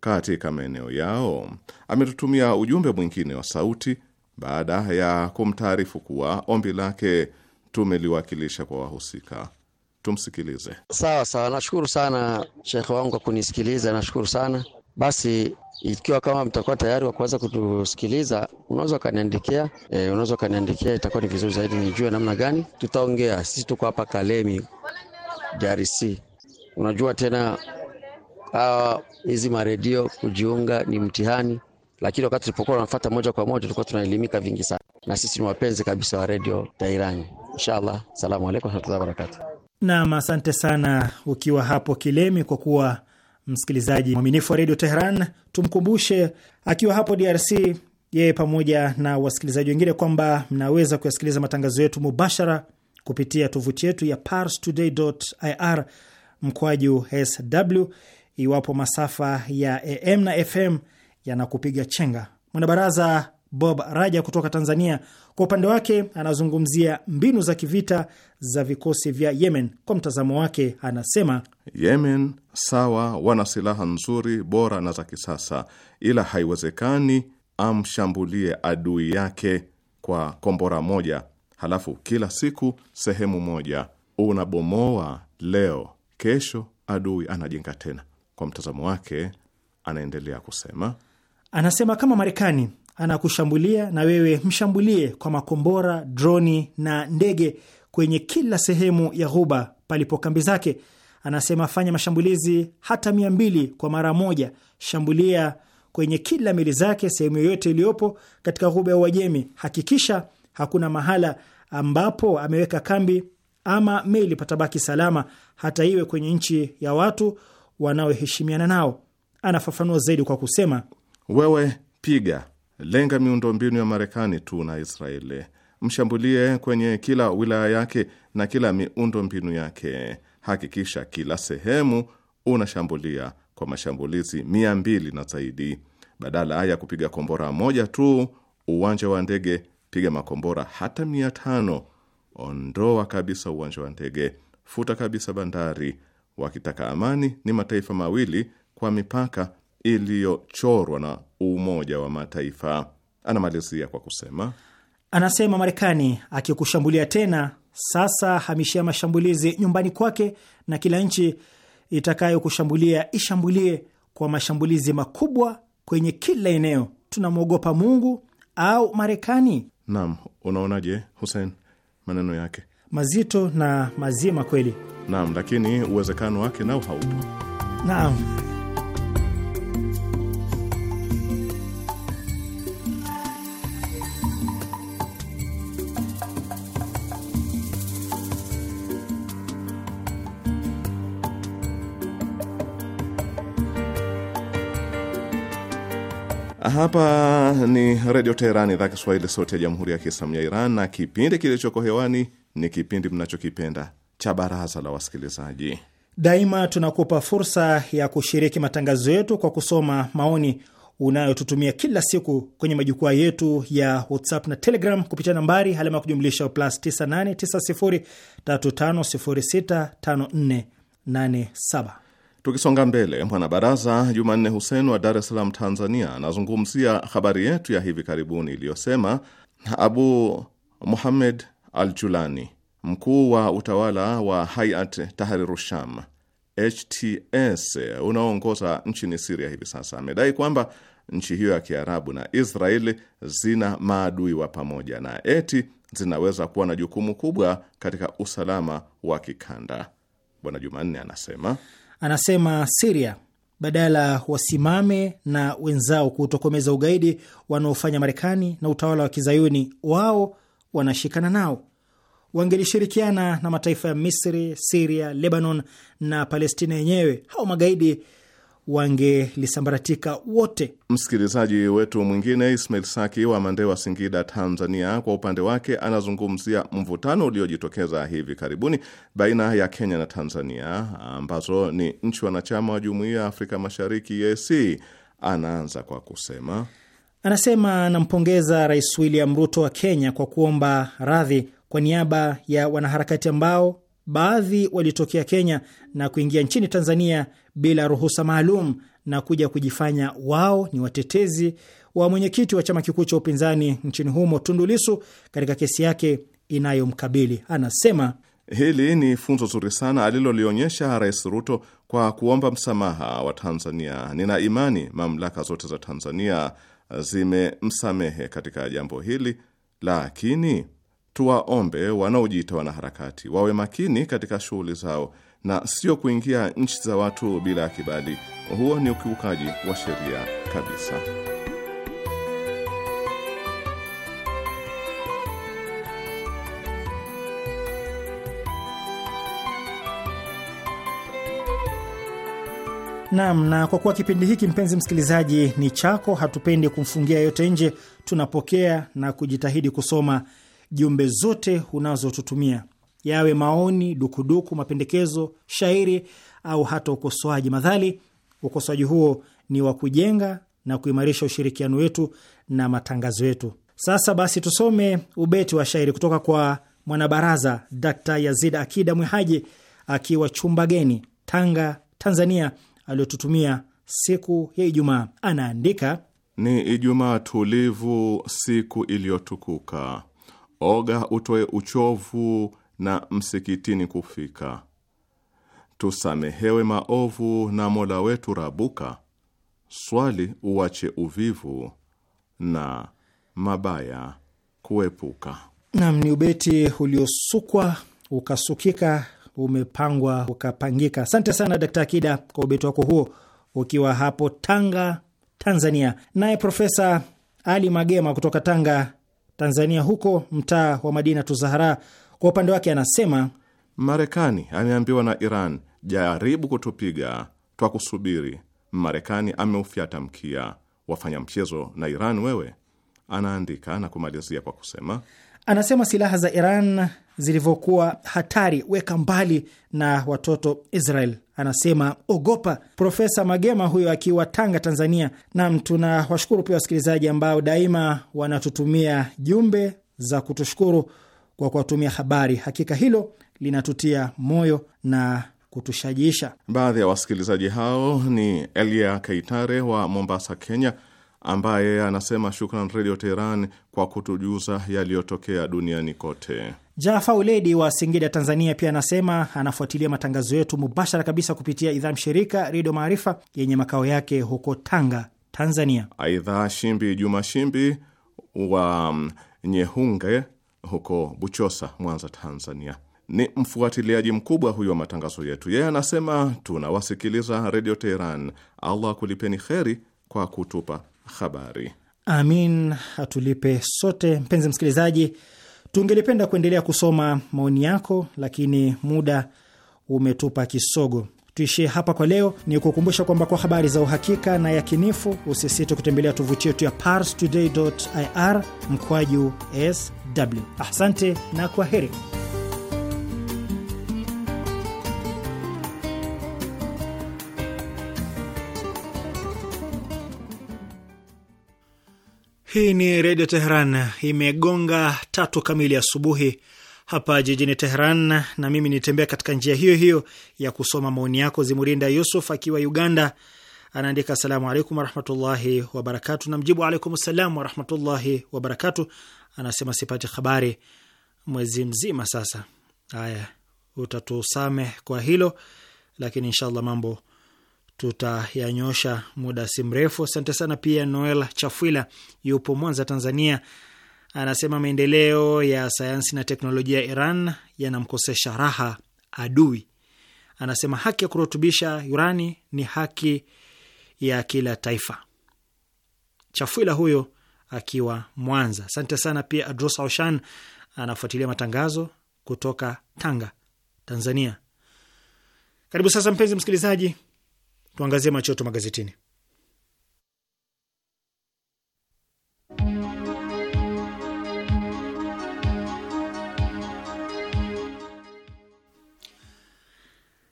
katika maeneo yao, ametutumia ujumbe mwingine wa sauti baada ya kumtaarifu kuwa ombi lake tumeliwakilisha kwa wahusika tumsikilize. Sawa sawa, nashukuru sana shekhe wangu kwa kunisikiliza, nashukuru sana basi ikiwa kama mtakuwa tayari wa kuweza kutusikiliza, unaweza ukaniandikia e, unaweza ukaniandikia, itakuwa ni vizuri zaidi nijue namna gani tutaongea. Sisi tuko hapa Kalemi DRC. Unajua tena hizi uh, maredio kujiunga ni mtihani, lakini wakati tulipokuwa tunafuata moja kwa moja tulikuwa tunaelimika vingi sana, na sisi ni wapenzi kabisa wa redio Tairani. Inshallah, salamu alaykum warahmatullahi wabarakatuh. Nam, asante sana ukiwa hapo Kilemi, kwa kuwa msikilizaji mwaminifu wa redio Teheran. Tumkumbushe akiwa hapo DRC, yeye pamoja na wasikilizaji wengine kwamba mnaweza kuyasikiliza matangazo yetu mubashara kupitia tovuti yetu ya parstoday.ir mkwaju sw, iwapo masafa ya AM na FM yanakupiga chenga. Mwanabaraza Bob Raja kutoka Tanzania, kwa upande wake anazungumzia mbinu za kivita za vikosi vya Yemen. Kwa mtazamo wake, anasema Yemen sawa, wana silaha nzuri, bora na za kisasa, ila haiwezekani amshambulie adui yake kwa kombora moja, halafu kila siku sehemu moja unabomoa. Leo kesho adui anajenga tena. Kwa mtazamo wake, anaendelea kusema, anasema kama Marekani anakushambulia na wewe mshambulie kwa makombora, droni na ndege kwenye kila sehemu ya ghuba palipo kambi zake. Anasema fanya mashambulizi hata mia mbili kwa mara moja, shambulia kwenye kila meli zake, sehemu yoyote iliyopo katika ghuba ya Uajemi. Hakikisha hakuna mahala ambapo ameweka kambi ama meli patabaki salama, hata iwe kwenye nchi ya watu wanaoheshimiana nao. Anafafanua zaidi kwa kusema, wewe piga lenga miundombinu ya Marekani tu na Israeli, mshambulie kwenye kila wilaya yake na kila miundo mbinu yake. Hakikisha kila sehemu unashambulia kwa mashambulizi mia mbili na zaidi, badala ya kupiga kombora moja tu. Uwanja wa ndege piga makombora hata mia tano. Ondoa kabisa uwanja wa ndege, futa kabisa bandari. Wakitaka amani, ni mataifa mawili kwa mipaka iliyochorwa na Umoja wa Mataifa. Anamalizia kwa kusema, anasema Marekani akikushambulia tena sasa, hamishia mashambulizi nyumbani kwake, na kila nchi itakayokushambulia ishambulie kwa mashambulizi makubwa kwenye kila eneo. Tunamwogopa Mungu au Marekani? Naam, unaonaje Hussein? Maneno yake mazito na mazima kweli. Naam, lakini uwezekano wake nao haupo. Naam. Hapa ni Redio Teherani, idhaa Kiswahili, sauti ya Jamhuri ya Kiislamu ya Iran, na kipindi kilichoko hewani ni kipindi mnachokipenda cha Baraza la Wasikilizaji. Daima tunakupa fursa ya kushiriki matangazo yetu kwa kusoma maoni unayotutumia kila siku kwenye majukwaa yetu ya WhatsApp na Telegram kupitia nambari alama ya kujumlisha plus 989035065487. Tukisonga mbele, mwanabaraza Jumanne Hussein wa Dar es Salaam, Tanzania, anazungumzia habari yetu ya hivi karibuni iliyosema Abu Muhamed al Julani, mkuu wa utawala wa Hayat Tahriru Sham HTS unaoongoza nchini Siria hivi sasa, amedai kwamba nchi hiyo ya Kiarabu na Israeli zina maadui wa pamoja na eti zinaweza kuwa na jukumu kubwa katika usalama wa kikanda. Bwana Jumanne anasema Anasema Siria badala wasimame na wenzao kutokomeza ugaidi wanaofanya Marekani na utawala wa Kizayuni, wao wanashikana nao. Wangelishirikiana na mataifa ya Misri, Siria, Lebanon na Palestina yenyewe, hao magaidi wangelisambaratika wote. Msikilizaji wetu mwingine Ismail Saki wa Mandewa, Singida, Tanzania, kwa upande wake anazungumzia mvutano uliojitokeza hivi karibuni baina ya Kenya na Tanzania ambazo ni nchi wanachama wa Jumuiya ya Afrika Mashariki, EAC. Anaanza kwa kusema anasema anampongeza Rais William Ruto wa Kenya kwa kuomba radhi kwa niaba ya wanaharakati ambao baadhi walitokea Kenya na kuingia nchini Tanzania bila ruhusa maalum na kuja kujifanya wao ni watetezi wa mwenyekiti wa chama kikuu cha upinzani nchini humo Tundu Lissu katika kesi yake inayomkabili. Anasema hili ni funzo zuri sana alilolionyesha Rais Ruto kwa kuomba msamaha wa Tanzania. Nina imani mamlaka zote za Tanzania zimemsamehe katika jambo hili, lakini tuwaombe wanaojiita wanaharakati wawe makini katika shughuli zao na sio kuingia nchi za watu bila ya kibali. Huo ni ukiukaji wa sheria kabisa. Naam, na kwa kuwa kipindi hiki, mpenzi msikilizaji, ni chako, hatupendi kumfungia yote nje, tunapokea na kujitahidi kusoma jumbe zote unazotutumia, yawe maoni, dukuduku, mapendekezo, shairi au hata ukosoaji, madhali ukosoaji huo ni wa kujenga na kuimarisha ushirikiano wetu na matangazo yetu. Sasa basi, tusome ubeti wa shairi kutoka kwa mwanabaraza Dr. Yazid Akida Mwehaji akiwa Chumbageni, Tanga, Tanzania, aliyotutumia siku ya Ijumaa. Anaandika: ni Ijumaa tulivu, siku iliyotukuka oga utoe uchovu na msikitini kufika, tusamehewe maovu na Mola wetu rabuka, swali uwache uvivu na mabaya kuepuka. Nam ni ubeti uliosukwa ukasukika, umepangwa ukapangika. Asante sana Dakta Akida kwa ubeti wako huo, ukiwa hapo Tanga, Tanzania. Naye Profesa Ali Magema kutoka Tanga Tanzania, huko mtaa wa Madina Tuzahara. Kwa upande wake anasema Marekani ameambiwa na Iran, jaribu kutupiga twakusubiri. Marekani ameufyata mkia, wafanya mchezo na Iran wewe. Anaandika na kumalizia kwa kusema, anasema silaha za Iran zilivyokuwa hatari, weka mbali na watoto Israel. Anasema ogopa. Profesa Magema huyo akiwa Tanga, Tanzania. Nam, tunawashukuru pia wasikilizaji ambao daima wanatutumia jumbe za kutushukuru kwa kuwatumia habari. Hakika hilo linatutia moyo na kutushajiisha. Baadhi ya wasikilizaji hao ni Elia Keitare wa Mombasa, Kenya, ambaye anasema shukran Redio Teheran kwa kutujuza yaliyotokea duniani kote. Jafa Uledi wa Singida, Tanzania, pia anasema anafuatilia matangazo yetu mubashara kabisa kupitia idhaa mshirika Redio Maarifa yenye makao yake huko Tanga, Tanzania. Aidha, Shimbi Juma Shimbi wa mm, Nyehunge huko Buchosa, Mwanza, Tanzania, ni mfuatiliaji mkubwa huyo wa matangazo yetu. Yeye anasema tunawasikiliza Redio Teheran. Allah kulipeni kheri kwa kutupa habari. Amin atulipe sote. Mpenzi msikilizaji, tungelipenda kuendelea kusoma maoni yako, lakini muda umetupa kisogo. Tuishie hapa kwa leo. Ni kukumbusha kwamba kwa habari za uhakika na yakinifu, usisite kutembelea tovuti yetu ya parstoday.ir mkwaju sw. Asante na kwa heri. Hii ni Redio Teheran. Imegonga tatu kamili asubuhi hapa jijini Teheran, na mimi nitembea katika njia hiyo hiyo ya kusoma maoni yako. Zimurinda Yusuf akiwa Uganda anaandika asalamu alaikum warahmatullahi wabarakatu, na mjibu alaikum salam warahmatullahi wabarakatu. Anasema sipati habari mwezi mzima sasa. Haya, utatusame kwa hilo, lakini inshallah mambo tutayanyosha muda si mrefu. Asante sana pia Noel Chafwila yupo Mwanza, Tanzania, anasema maendeleo ya sayansi na teknolojia ya Iran yanamkosesha raha adui. Anasema haki ya kurutubisha urani ni haki ya kila taifa. Chafwila huyo akiwa Mwanza. Asante sana pia Adros Aushan anafuatilia matangazo kutoka Tanga, Tanzania. Karibu sasa, mpenzi msikilizaji Tuangazie macho yetu magazetini.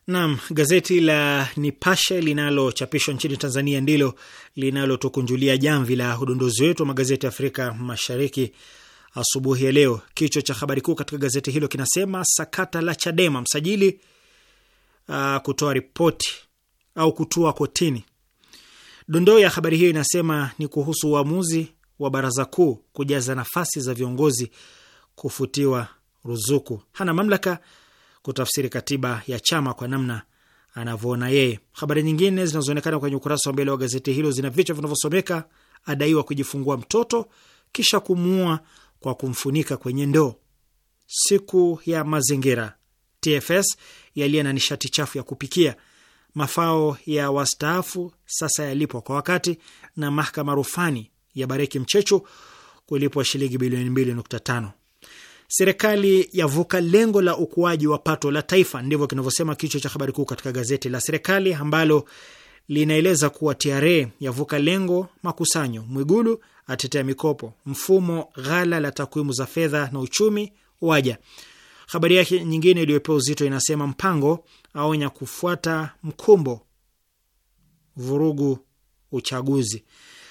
Naam, gazeti la Nipashe linalochapishwa nchini Tanzania ndilo linalotukunjulia jamvi la udondozi wetu wa magazeti ya Afrika Mashariki asubuhi ya leo. Kichwa cha habari kuu katika gazeti hilo kinasema sakata la Chadema, msajili uh, kutoa ripoti au kutua kotini. Dondoo ya habari hiyo inasema ni kuhusu uamuzi wa baraza kuu kujaza nafasi za viongozi kufutiwa ruzuku. Hana mamlaka kutafsiri katiba ya chama kwa namna anavyoona yeye. Habari nyingine zinazoonekana kwenye ukurasa wa mbele wa gazeti hilo zina vichwa vinavyosomeka: adaiwa kujifungua mtoto kisha kumuua kwa kumfunika kwenye ndoo, siku ya mazingira, TFS yaliye na nishati chafu ya kupikia, mafao ya wastaafu sasa yalipwa kwa wakati, na mahakama rufani ya bariki mchecho kulipwa shilingi bilioni 2.5. Serikali yavuka lengo la ukuaji wa pato la taifa, ndivyo kinavyosema kichwa cha habari kuu katika gazeti la serikali ambalo linaeleza kuwa TRA yavuka lengo makusanyo, Mwigulu atetea mikopo, mfumo ghala la takwimu za fedha na uchumi waja Habari yake nyingine iliyopewa uzito inasema Mpango aonya kufuata mkumbo vurugu uchaguzi.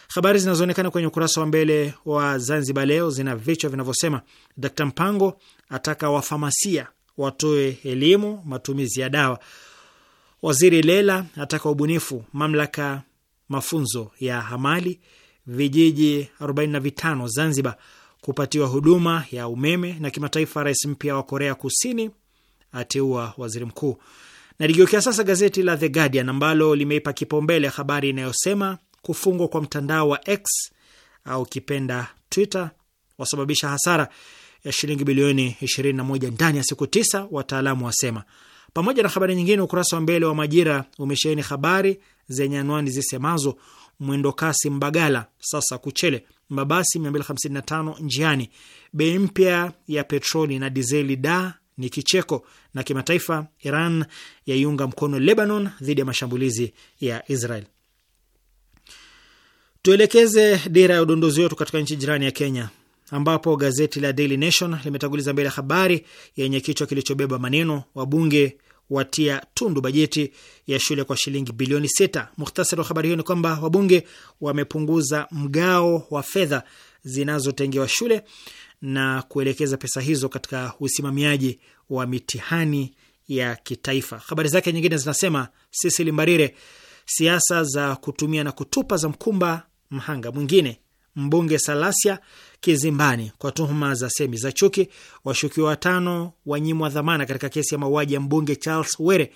Habari zinazoonekana kwenye ukurasa wa mbele wa Zanzibar Leo zina vichwa vinavyosema Dkt Mpango ataka wafamasia watoe elimu matumizi ya dawa, Waziri Lela ataka ubunifu mamlaka mafunzo ya hamali vijiji 45 Zanzibar kupatiwa huduma ya umeme na kimataifa. Rais mpya wa Korea Kusini ateua waziri mkuu. Naligeukia sasa gazeti la The Guardian ambalo limeipa kipaumbele habari inayosema kufungwa kwa mtandao wa X au kipenda Twitter wasababisha hasara ya shilingi bilioni 21 ndani ya siku tisa, wataalamu wasema. Pamoja na habari nyingine, ukurasa wa mbele wa Majira umesheheni habari zenye anwani zisemazo mwendokasi Mbagala sasa Kuchele, mabasi 255 njiani. Bei mpya ya petroli na dizeli da ni kicheko. Na kimataifa, Iran yaiunga mkono Lebanon dhidi ya mashambulizi ya Israel. Tuelekeze dira ya udondozi wetu katika nchi jirani ya Kenya, ambapo gazeti la Daily Nation limetanguliza mbele habari yenye kichwa kilichobeba maneno wabunge watia tundu bajeti ya shule kwa shilingi bilioni sita. Muhtasari wa habari hiyo ni kwamba wabunge wamepunguza mgao wa fedha zinazotengewa shule na kuelekeza pesa hizo katika usimamiaji wa mitihani ya kitaifa. Habari zake nyingine zinasema Sisili Mbarire, siasa za kutumia na kutupa za mkumba mhanga mwingine. Mbunge Salasia kizimbani kwa tuhuma za semi za chuki. Washukiwa watano wanyimwa dhamana katika kesi ya mauaji ya mbunge Charles Were,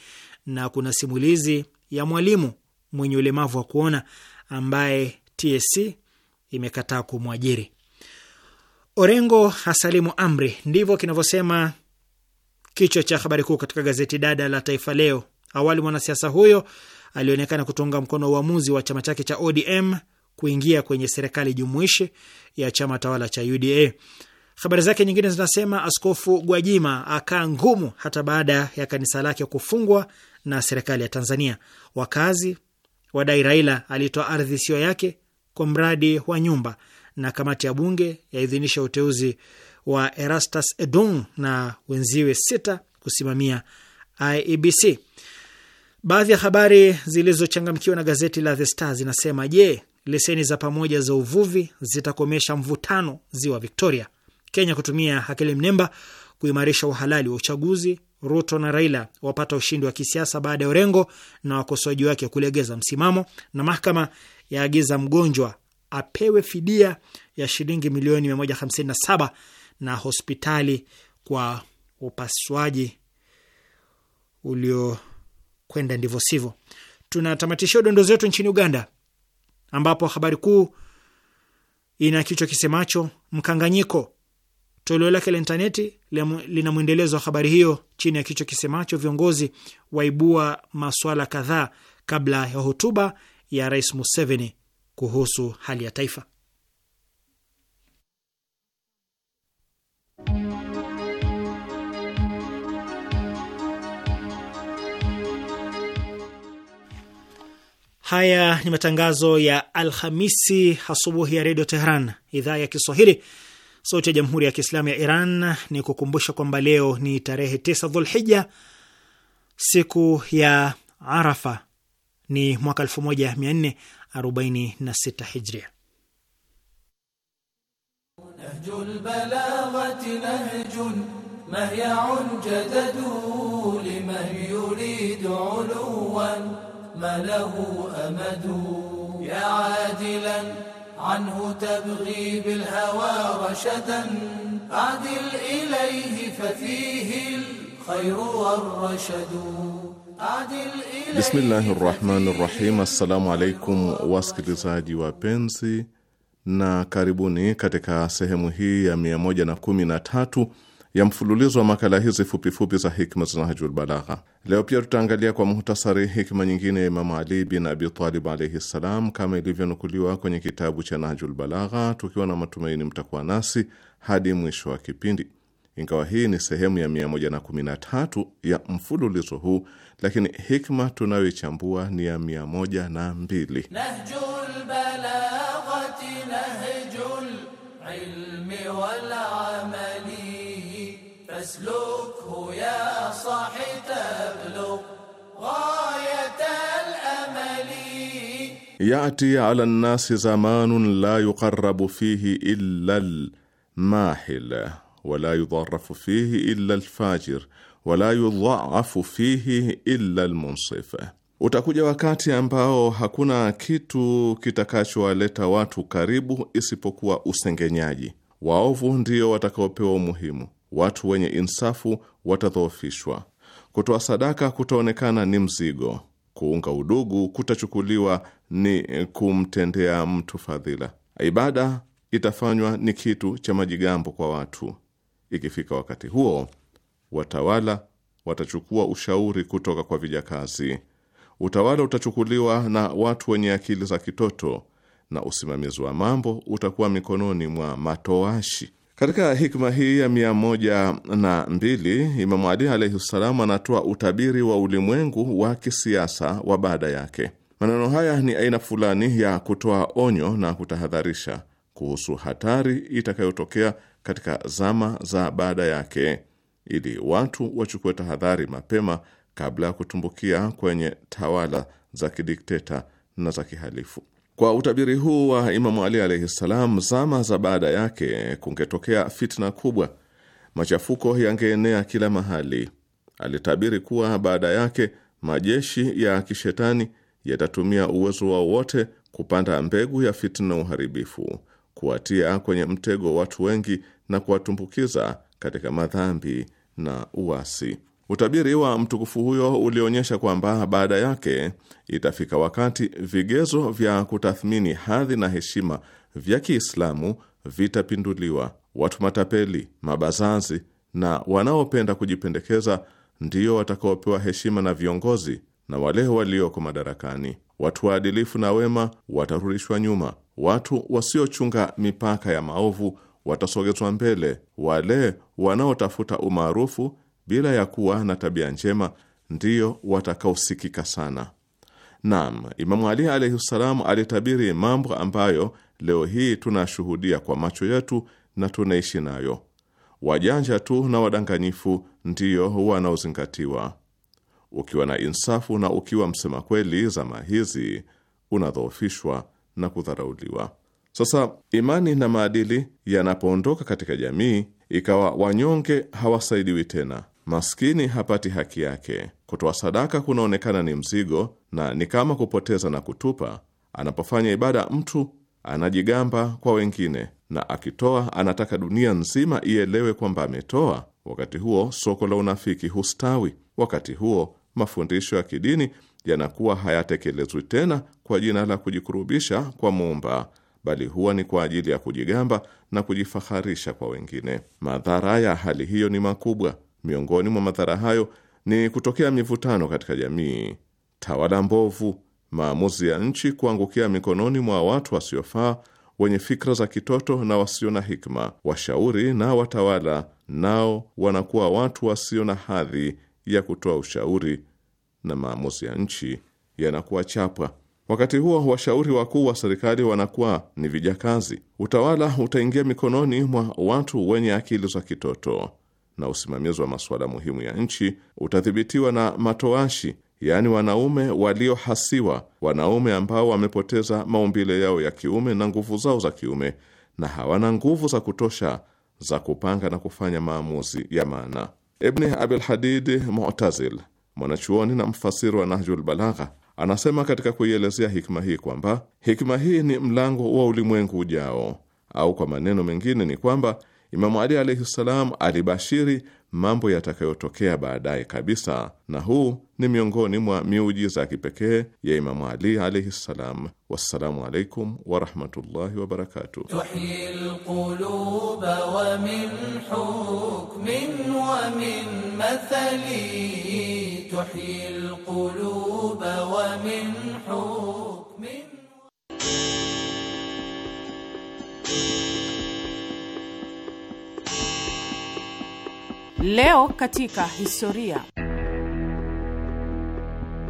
na kuna simulizi ya mwalimu mwenye ulemavu wa kuona ambaye TSC imekataa kumwajiri. Orengo hasalimu amri, ndivyo kinavyosema kichwa cha habari kuu katika gazeti dada la Taifa Leo. Awali mwanasiasa huyo alionekana kutunga mkono uamuzi wa chama chake cha ODM kuingia kwenye serikali jumuishi ya chama tawala cha UDA. Habari zake nyingine zinasema Askofu Gwajima akaa ngumu hata baada ya kanisa lake kufungwa na serikali ya Tanzania. Wakazi wadai Raila alitoa ardhi sio yake kwa mradi wa nyumba, na kamati ya bunge yaidhinisha uteuzi wa Erastus Edung na wenziwe sita kusimamia IEBC. Baadhi ya habari zilizochangamkiwa na gazeti la The Star zinasema: Je, leseni za pamoja za uvuvi zitakomesha mvutano ziwa Victoria. Kenya kutumia akili mnemba kuimarisha uhalali wa uchaguzi. Ruto na Raila wapata ushindi wa kisiasa baada ya Orengo na wakosoaji wake kulegeza msimamo. Na mahakama yaagiza mgonjwa apewe fidia ya shilingi milioni 157 na hospitali kwa upasuaji uliokwenda ndivyo sivyo. Tunatamatishia dondoo zetu nchini Uganda ambapo habari kuu ina kichwa kisemacho mkanganyiko. Toleo lake la intaneti lina mwendelezo wa habari hiyo chini ya kichwa kisemacho viongozi waibua maswala kadhaa kabla ya hotuba ya Rais Museveni kuhusu hali ya taifa. Haya ni matangazo ya Alhamisi asubuhi ya Redio Tehran, idhaa ya Kiswahili, sauti ya Jamhuri ya Kiislamu ya Iran. Ni kukumbusha kwamba leo ni tarehe tisa Dhulhija, siku ya Arafa, ni mwaka 1446 Hijria. ما له أمد يا عادلا عنه تبغي بالهوى رشدا أعدل إليه ففيه الخير والرشد Bismillahi rahmani rahim. Assalamu alaikum wasikilizaji wapenzi, na karibuni katika sehemu hii ya 113 ya mfululizo wa makala hizi fupifupi za hikma za Nahjul Balagha. Leo pia tutaangalia kwa muhtasari hikma nyingine ya Imamu Ali bin Abi Talib alaihi ssalam, kama ilivyonukuliwa kwenye kitabu cha Nahjul Balagha, tukiwa na matumaini mtakuwa nasi hadi mwisho wa kipindi. Ingawa hii ni sehemu ya 113 ya mfululizo huu, lakini hikma tunayoichambua ni ya 102 Nahjul Balagha, Nahjul ilmi wal مسلوكه ala صاحي zamanun la الأمل fihi illa lmahil wala yudharafu fihi illa lfajir wala yudhaafu fihi illa almunsif, utakuja wakati ambao hakuna kitu kitakachowaleta watu karibu isipokuwa usengenyaji. Waovu ndio watakaopewa umuhimu, watu wenye insafu watadhoofishwa, kutoa sadaka kutaonekana ni mzigo, kuunga udugu kutachukuliwa ni kumtendea mtu fadhila, ibada itafanywa ni kitu cha majigambo kwa watu. Ikifika wakati huo, watawala watachukua ushauri kutoka kwa vijakazi, utawala utachukuliwa na watu wenye akili za kitoto, na usimamizi wa mambo utakuwa mikononi mwa matoashi. Katika hikma hii ya mia moja na mbili Imamu Ali alaihi ssalam anatoa utabiri wa ulimwengu wa kisiasa wa baada yake. Maneno haya ni aina fulani ya kutoa onyo na kutahadharisha kuhusu hatari itakayotokea katika zama za baada yake, ili watu wachukue tahadhari mapema kabla ya kutumbukia kwenye tawala za kidikteta na za kihalifu. Kwa utabiri huu wa Imamu Ali alaihi ssalam, zama za baada yake kungetokea fitna kubwa, machafuko yangeenea kila mahali. Alitabiri kuwa baada yake majeshi ya kishetani yatatumia uwezo wao wote kupanda mbegu ya fitna, uharibifu, kuwatia kwenye mtego watu wengi na kuwatumbukiza katika madhambi na uasi. Utabiri wa mtukufu huyo ulionyesha kwamba baada yake itafika wakati vigezo vya kutathmini hadhi na heshima vya Kiislamu vitapinduliwa. Watu matapeli, mabazazi na wanaopenda kujipendekeza ndio watakaopewa heshima na viongozi na wale walioko madarakani. Watu waadilifu na wema watarudishwa nyuma. Watu wasiochunga mipaka ya maovu watasogezwa mbele. Wale wanaotafuta umaarufu bila ya kuwa na tabia njema ndiyo watakaosikika sana. Naam, Imamu Ali alaihi ssalam alitabiri mambo ambayo leo hii tunashuhudia kwa macho yetu na tunaishi nayo. Wajanja tu na wadanganyifu ndiyo wanaozingatiwa. Ukiwa na insafu na ukiwa msema kweli, zama hizi unadhoofishwa na kudharauliwa. Sasa imani na maadili yanapoondoka katika jamii, ikawa wanyonge hawasaidiwi tena, maskini hapati haki yake. Kutoa sadaka kunaonekana ni mzigo na ni kama kupoteza na kutupa. Anapofanya ibada, mtu anajigamba kwa wengine, na akitoa anataka dunia nzima ielewe kwamba ametoa. Wakati huo soko la unafiki hustawi. Wakati huo mafundisho ya kidini yanakuwa hayatekelezwi tena kwa jina la kujikurubisha kwa Muumba, bali huwa ni kwa ajili ya kujigamba na kujifaharisha kwa wengine. Madhara ya hali hiyo ni makubwa. Miongoni mwa madhara hayo ni kutokea mivutano katika jamii, tawala mbovu, maamuzi ya nchi kuangukia mikononi mwa watu wasiofaa, wenye fikra za kitoto na wasio na hikma. Washauri na watawala nao wanakuwa watu wasio na hadhi ya kutoa ushauri na maamuzi ya nchi yanakuwa chapwa. Wakati huo washauri wakuu wa serikali wanakuwa ni vijakazi. Utawala utaingia mikononi mwa watu wenye akili za kitoto na usimamizi wa masuala muhimu ya nchi utadhibitiwa na matoashi, yaani wanaume waliohasiwa, wanaume ambao wamepoteza maumbile yao ya kiume na nguvu zao za kiume na hawana nguvu za kutosha za kupanga na kufanya maamuzi ya maana. Ibni Abil Hadid Mu'tazil, mwanachuoni na mfasiri wa Nahjul Balagha, anasema katika kuielezea hikma hii kwamba hikma hii ni mlango wa ulimwengu ujao, au kwa maneno mengine ni kwamba Imamu Ali alaihi ssalam alibashiri mambo yatakayotokea baadaye kabisa, na huu ni miongoni mwa miujiza ya kipekee ya Imamu Ali alaihi ssalam. Wassalamu alaikum warahmatullahi wabarakatuh. tuhyi qulub wa min hukmin Leo katika historia.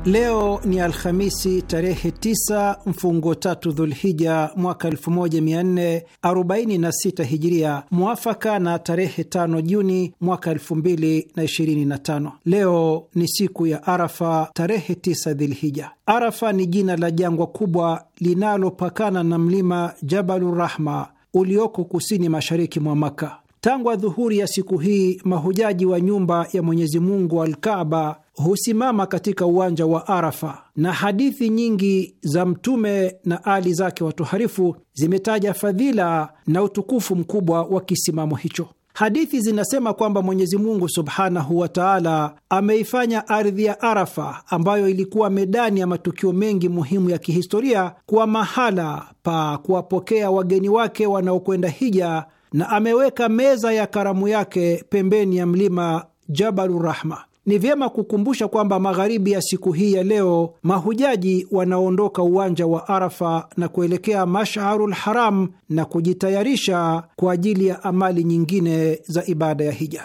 Leo ni Alhamisi tarehe 9 mfungo tatu Dhulhija mwaka 1446 Hijiria, mwafaka na tarehe 5 Juni mwaka 2025. Leo ni siku ya Arafa, tarehe 9 Dhilhija. Arafa ni jina la jangwa kubwa linalopakana na mlima Jabalurrahma ulioko kusini mashariki mwa Maka. Tangu adhuhuri ya siku hii mahujaji wa nyumba ya Mwenyezi Mungu Alkaaba husimama katika uwanja wa Arafa, na hadithi nyingi za Mtume na ali zake watoharifu zimetaja fadhila na utukufu mkubwa wa kisimamo hicho. Hadithi zinasema kwamba Mwenyezi Mungu subhanahu wa taala ameifanya ardhi ya Arafa, ambayo ilikuwa medani ya matukio mengi muhimu ya kihistoria, kuwa mahala pa kuwapokea wageni wake wanaokwenda hija na ameweka meza ya karamu yake pembeni ya mlima Jabalurrahma. Ni vyema kukumbusha kwamba magharibi ya siku hii ya leo mahujaji wanaondoka uwanja wa Arafa na kuelekea Masharul Haram na kujitayarisha kwa ajili ya amali nyingine za ibada ya hija.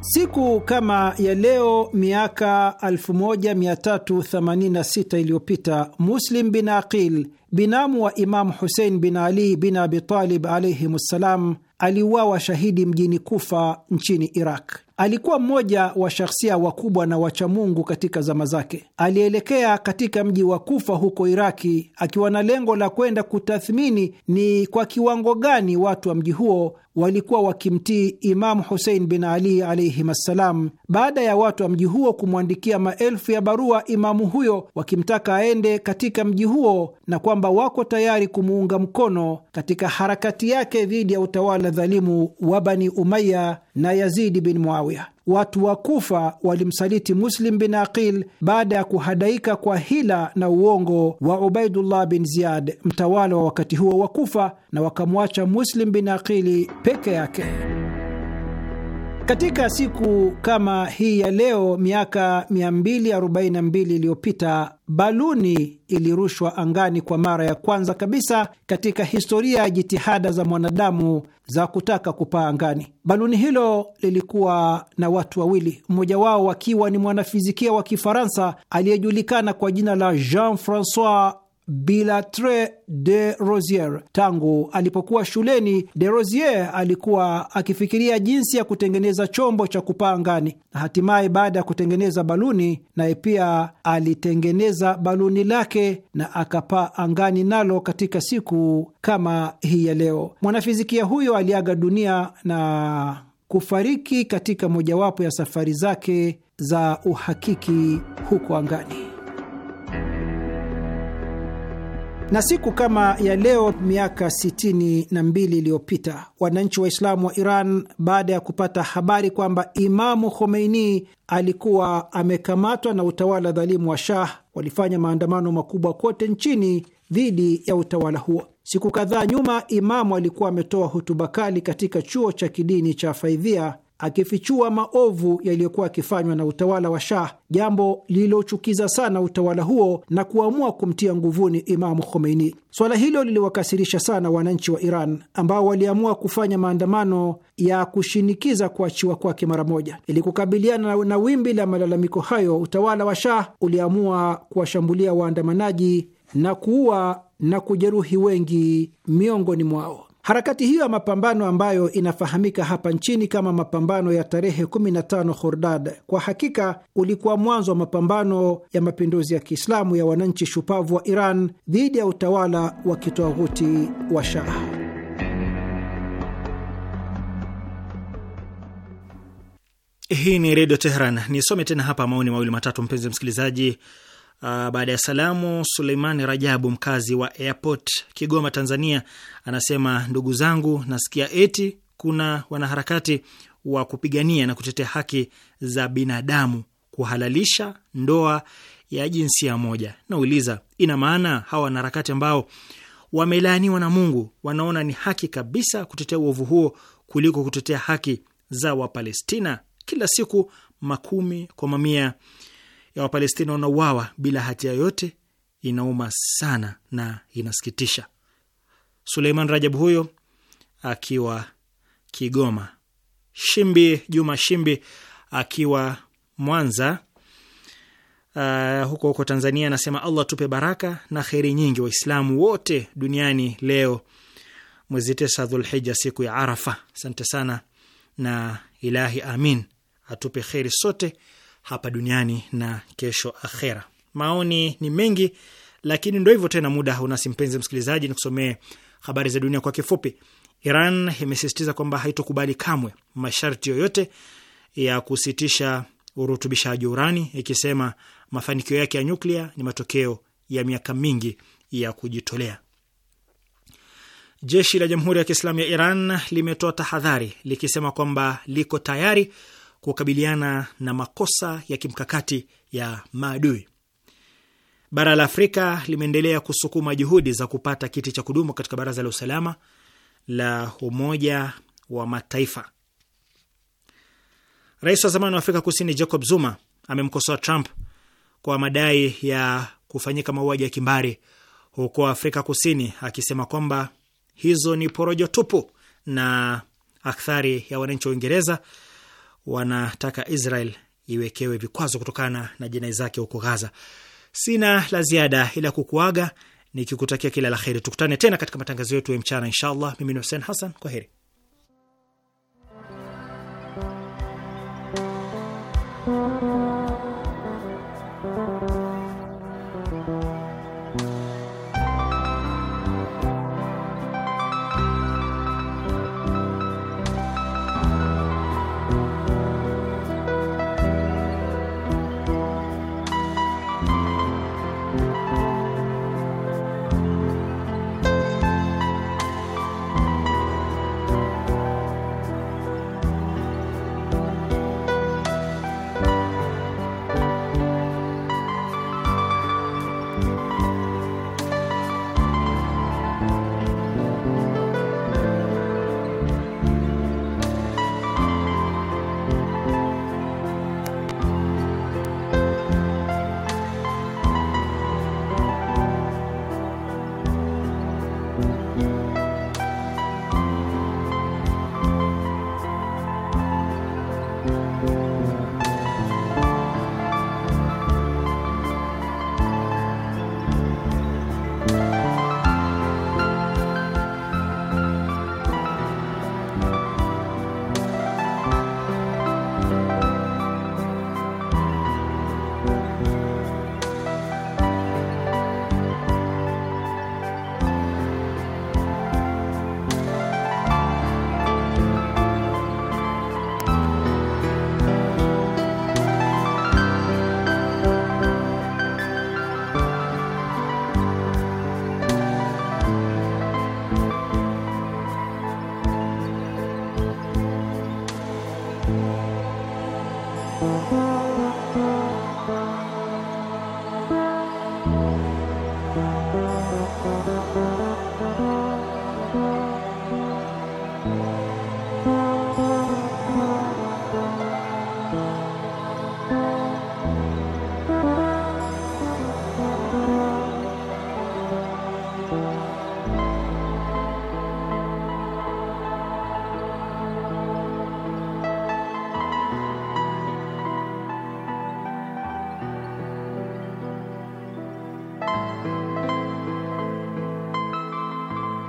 Siku kama ya leo miaka 1386 iliyopita Muslim bin Aqil binamu wa Imamu Husein bin Ali bin Abitalib alaihim ssalam, aliuawa shahidi mjini Kufa nchini Iraq. Alikuwa mmoja wa shakhsia wakubwa na wachamungu katika zama zake. Alielekea katika mji wa Kufa huko Iraki akiwa na lengo la kwenda kutathmini ni kwa kiwango gani watu wa mji huo walikuwa wakimtii Imamu Husein bin Ali alaihim assalam, baada ya watu wa mji huo kumwandikia maelfu ya barua imamu huyo wakimtaka aende katika mji huo na kwamba wako tayari kumuunga mkono katika harakati yake dhidi ya utawala dhalimu wa Bani Umaya na Yazidi bin Muawiya watu wa Kufa walimsaliti Muslim bin Aqil baada ya kuhadaika kwa hila na uongo wa Ubaidullah bin Ziyad, mtawala wa wakati huo wa Kufa, na wakamwacha Muslim bin Aqili peke yake. Katika siku kama hii ya leo miaka 242 iliyopita baluni ilirushwa angani kwa mara ya kwanza kabisa katika historia ya jitihada za mwanadamu za kutaka kupaa angani. Baluni hilo lilikuwa na watu wawili, mmoja wao akiwa ni mwanafizikia wa Kifaransa aliyejulikana kwa jina la Jean Francois Bertrand de Rosier. Tangu alipokuwa shuleni, de Rosier alikuwa akifikiria jinsi ya kutengeneza chombo cha kupaa angani, na hatimaye baada ya kutengeneza baluni, naye pia alitengeneza baluni lake na akapaa angani nalo katika siku kama hii ya leo. Mwanafizikia huyo aliaga dunia na kufariki katika mojawapo ya safari zake za uhakiki huko angani. Na siku kama ya leo miaka na mbili iliyopita wananchi Waislamu wa Iran, baada ya kupata habari kwamba Imamu Khomeini alikuwa amekamatwa na utawala dhalimu wa Shah, walifanya maandamano makubwa kote nchini dhidi ya utawala huo. Siku kadhaa nyuma, Imamu alikuwa ametoa hutuba kali katika chuo cha kidini cha Faidhia akifichua maovu yaliyokuwa yakifanywa na utawala wa Shah, jambo lililochukiza sana utawala huo na kuamua kumtia nguvuni Imamu Khomeini. Swala hilo liliwakasirisha sana wananchi wa Iran ambao waliamua kufanya maandamano ya kushinikiza kuachiwa kwake mara moja. Ili kukabiliana na wimbi la malalamiko hayo, utawala wa Shah uliamua kuwashambulia waandamanaji na kuua na kujeruhi wengi miongoni mwao. Harakati hiyo ya mapambano ambayo inafahamika hapa nchini kama mapambano ya tarehe 15 Khordad kwa hakika ulikuwa mwanzo wa mapambano ya mapinduzi ya Kiislamu ya wananchi shupavu wa Iran dhidi ya utawala wa kitwaghuti wa Shah. Hii ni Redio Teheran. Nisome tena hapa maoni mawili matatu, mpenzi msikilizaji Uh, baada ya salamu, Suleimani Rajabu mkazi wa Airport Kigoma, Tanzania, anasema ndugu zangu, nasikia eti kuna wanaharakati wa kupigania na kutetea haki za binadamu kuhalalisha ndoa ya jinsia moja. Nauliza, ina maana hawa wanaharakati ambao wamelaaniwa na Mungu wanaona ni haki kabisa kutetea uovu huo kuliko kutetea haki za Wapalestina? Kila siku makumi kwa mamia ya Wapalestina wanauawa bila hatia yoyote inauma sana na inasikitisha. Suleiman Rajab huyo akiwa Kigoma, Shimbi Juma Shimbi akiwa Mwanza uh, huko huko Tanzania anasema Allah tupe baraka na kheri nyingi Waislamu wote duniani leo mwezi tisa Dhulhija, siku ya Arafa. Asante sana na ilahi amin, atupe kheri sote hapa duniani na kesho akhera. Maoni ni mengi, lakini ndo hivyo tena, muda unasi. Mpenzi msikilizaji, nikusomee habari za dunia kwa kifupi. Iran imesisitiza kwamba haitokubali kamwe masharti yoyote ya kusitisha urutubishaji urani, ikisema mafanikio yake ya nyuklia ni matokeo ya miaka mingi ya kujitolea. Jeshi la Jamhuri ya Kiislamu ya Iran limetoa tahadhari likisema kwamba liko tayari kukabiliana na makosa ya kimkakati ya maadui. Bara la Afrika limeendelea kusukuma juhudi za kupata kiti cha kudumu katika Baraza la Usalama la Umoja wa Mataifa. Rais wa zamani wa Afrika Kusini Jacob Zuma amemkosoa Trump kwa madai ya kufanyika mauaji ya kimbari huko Afrika Kusini, akisema kwamba hizo ni porojo tupu na akthari ya wananchi wa Uingereza wanataka Israel iwekewe vikwazo kutokana na jinai zake huko Gaza. Sina la ziada ila kukuaga nikikutakia kila la heri. Tukutane tena katika matangazo yetu ya mchana inshallah. Mimi ni Hussein Hassan, kwa heri.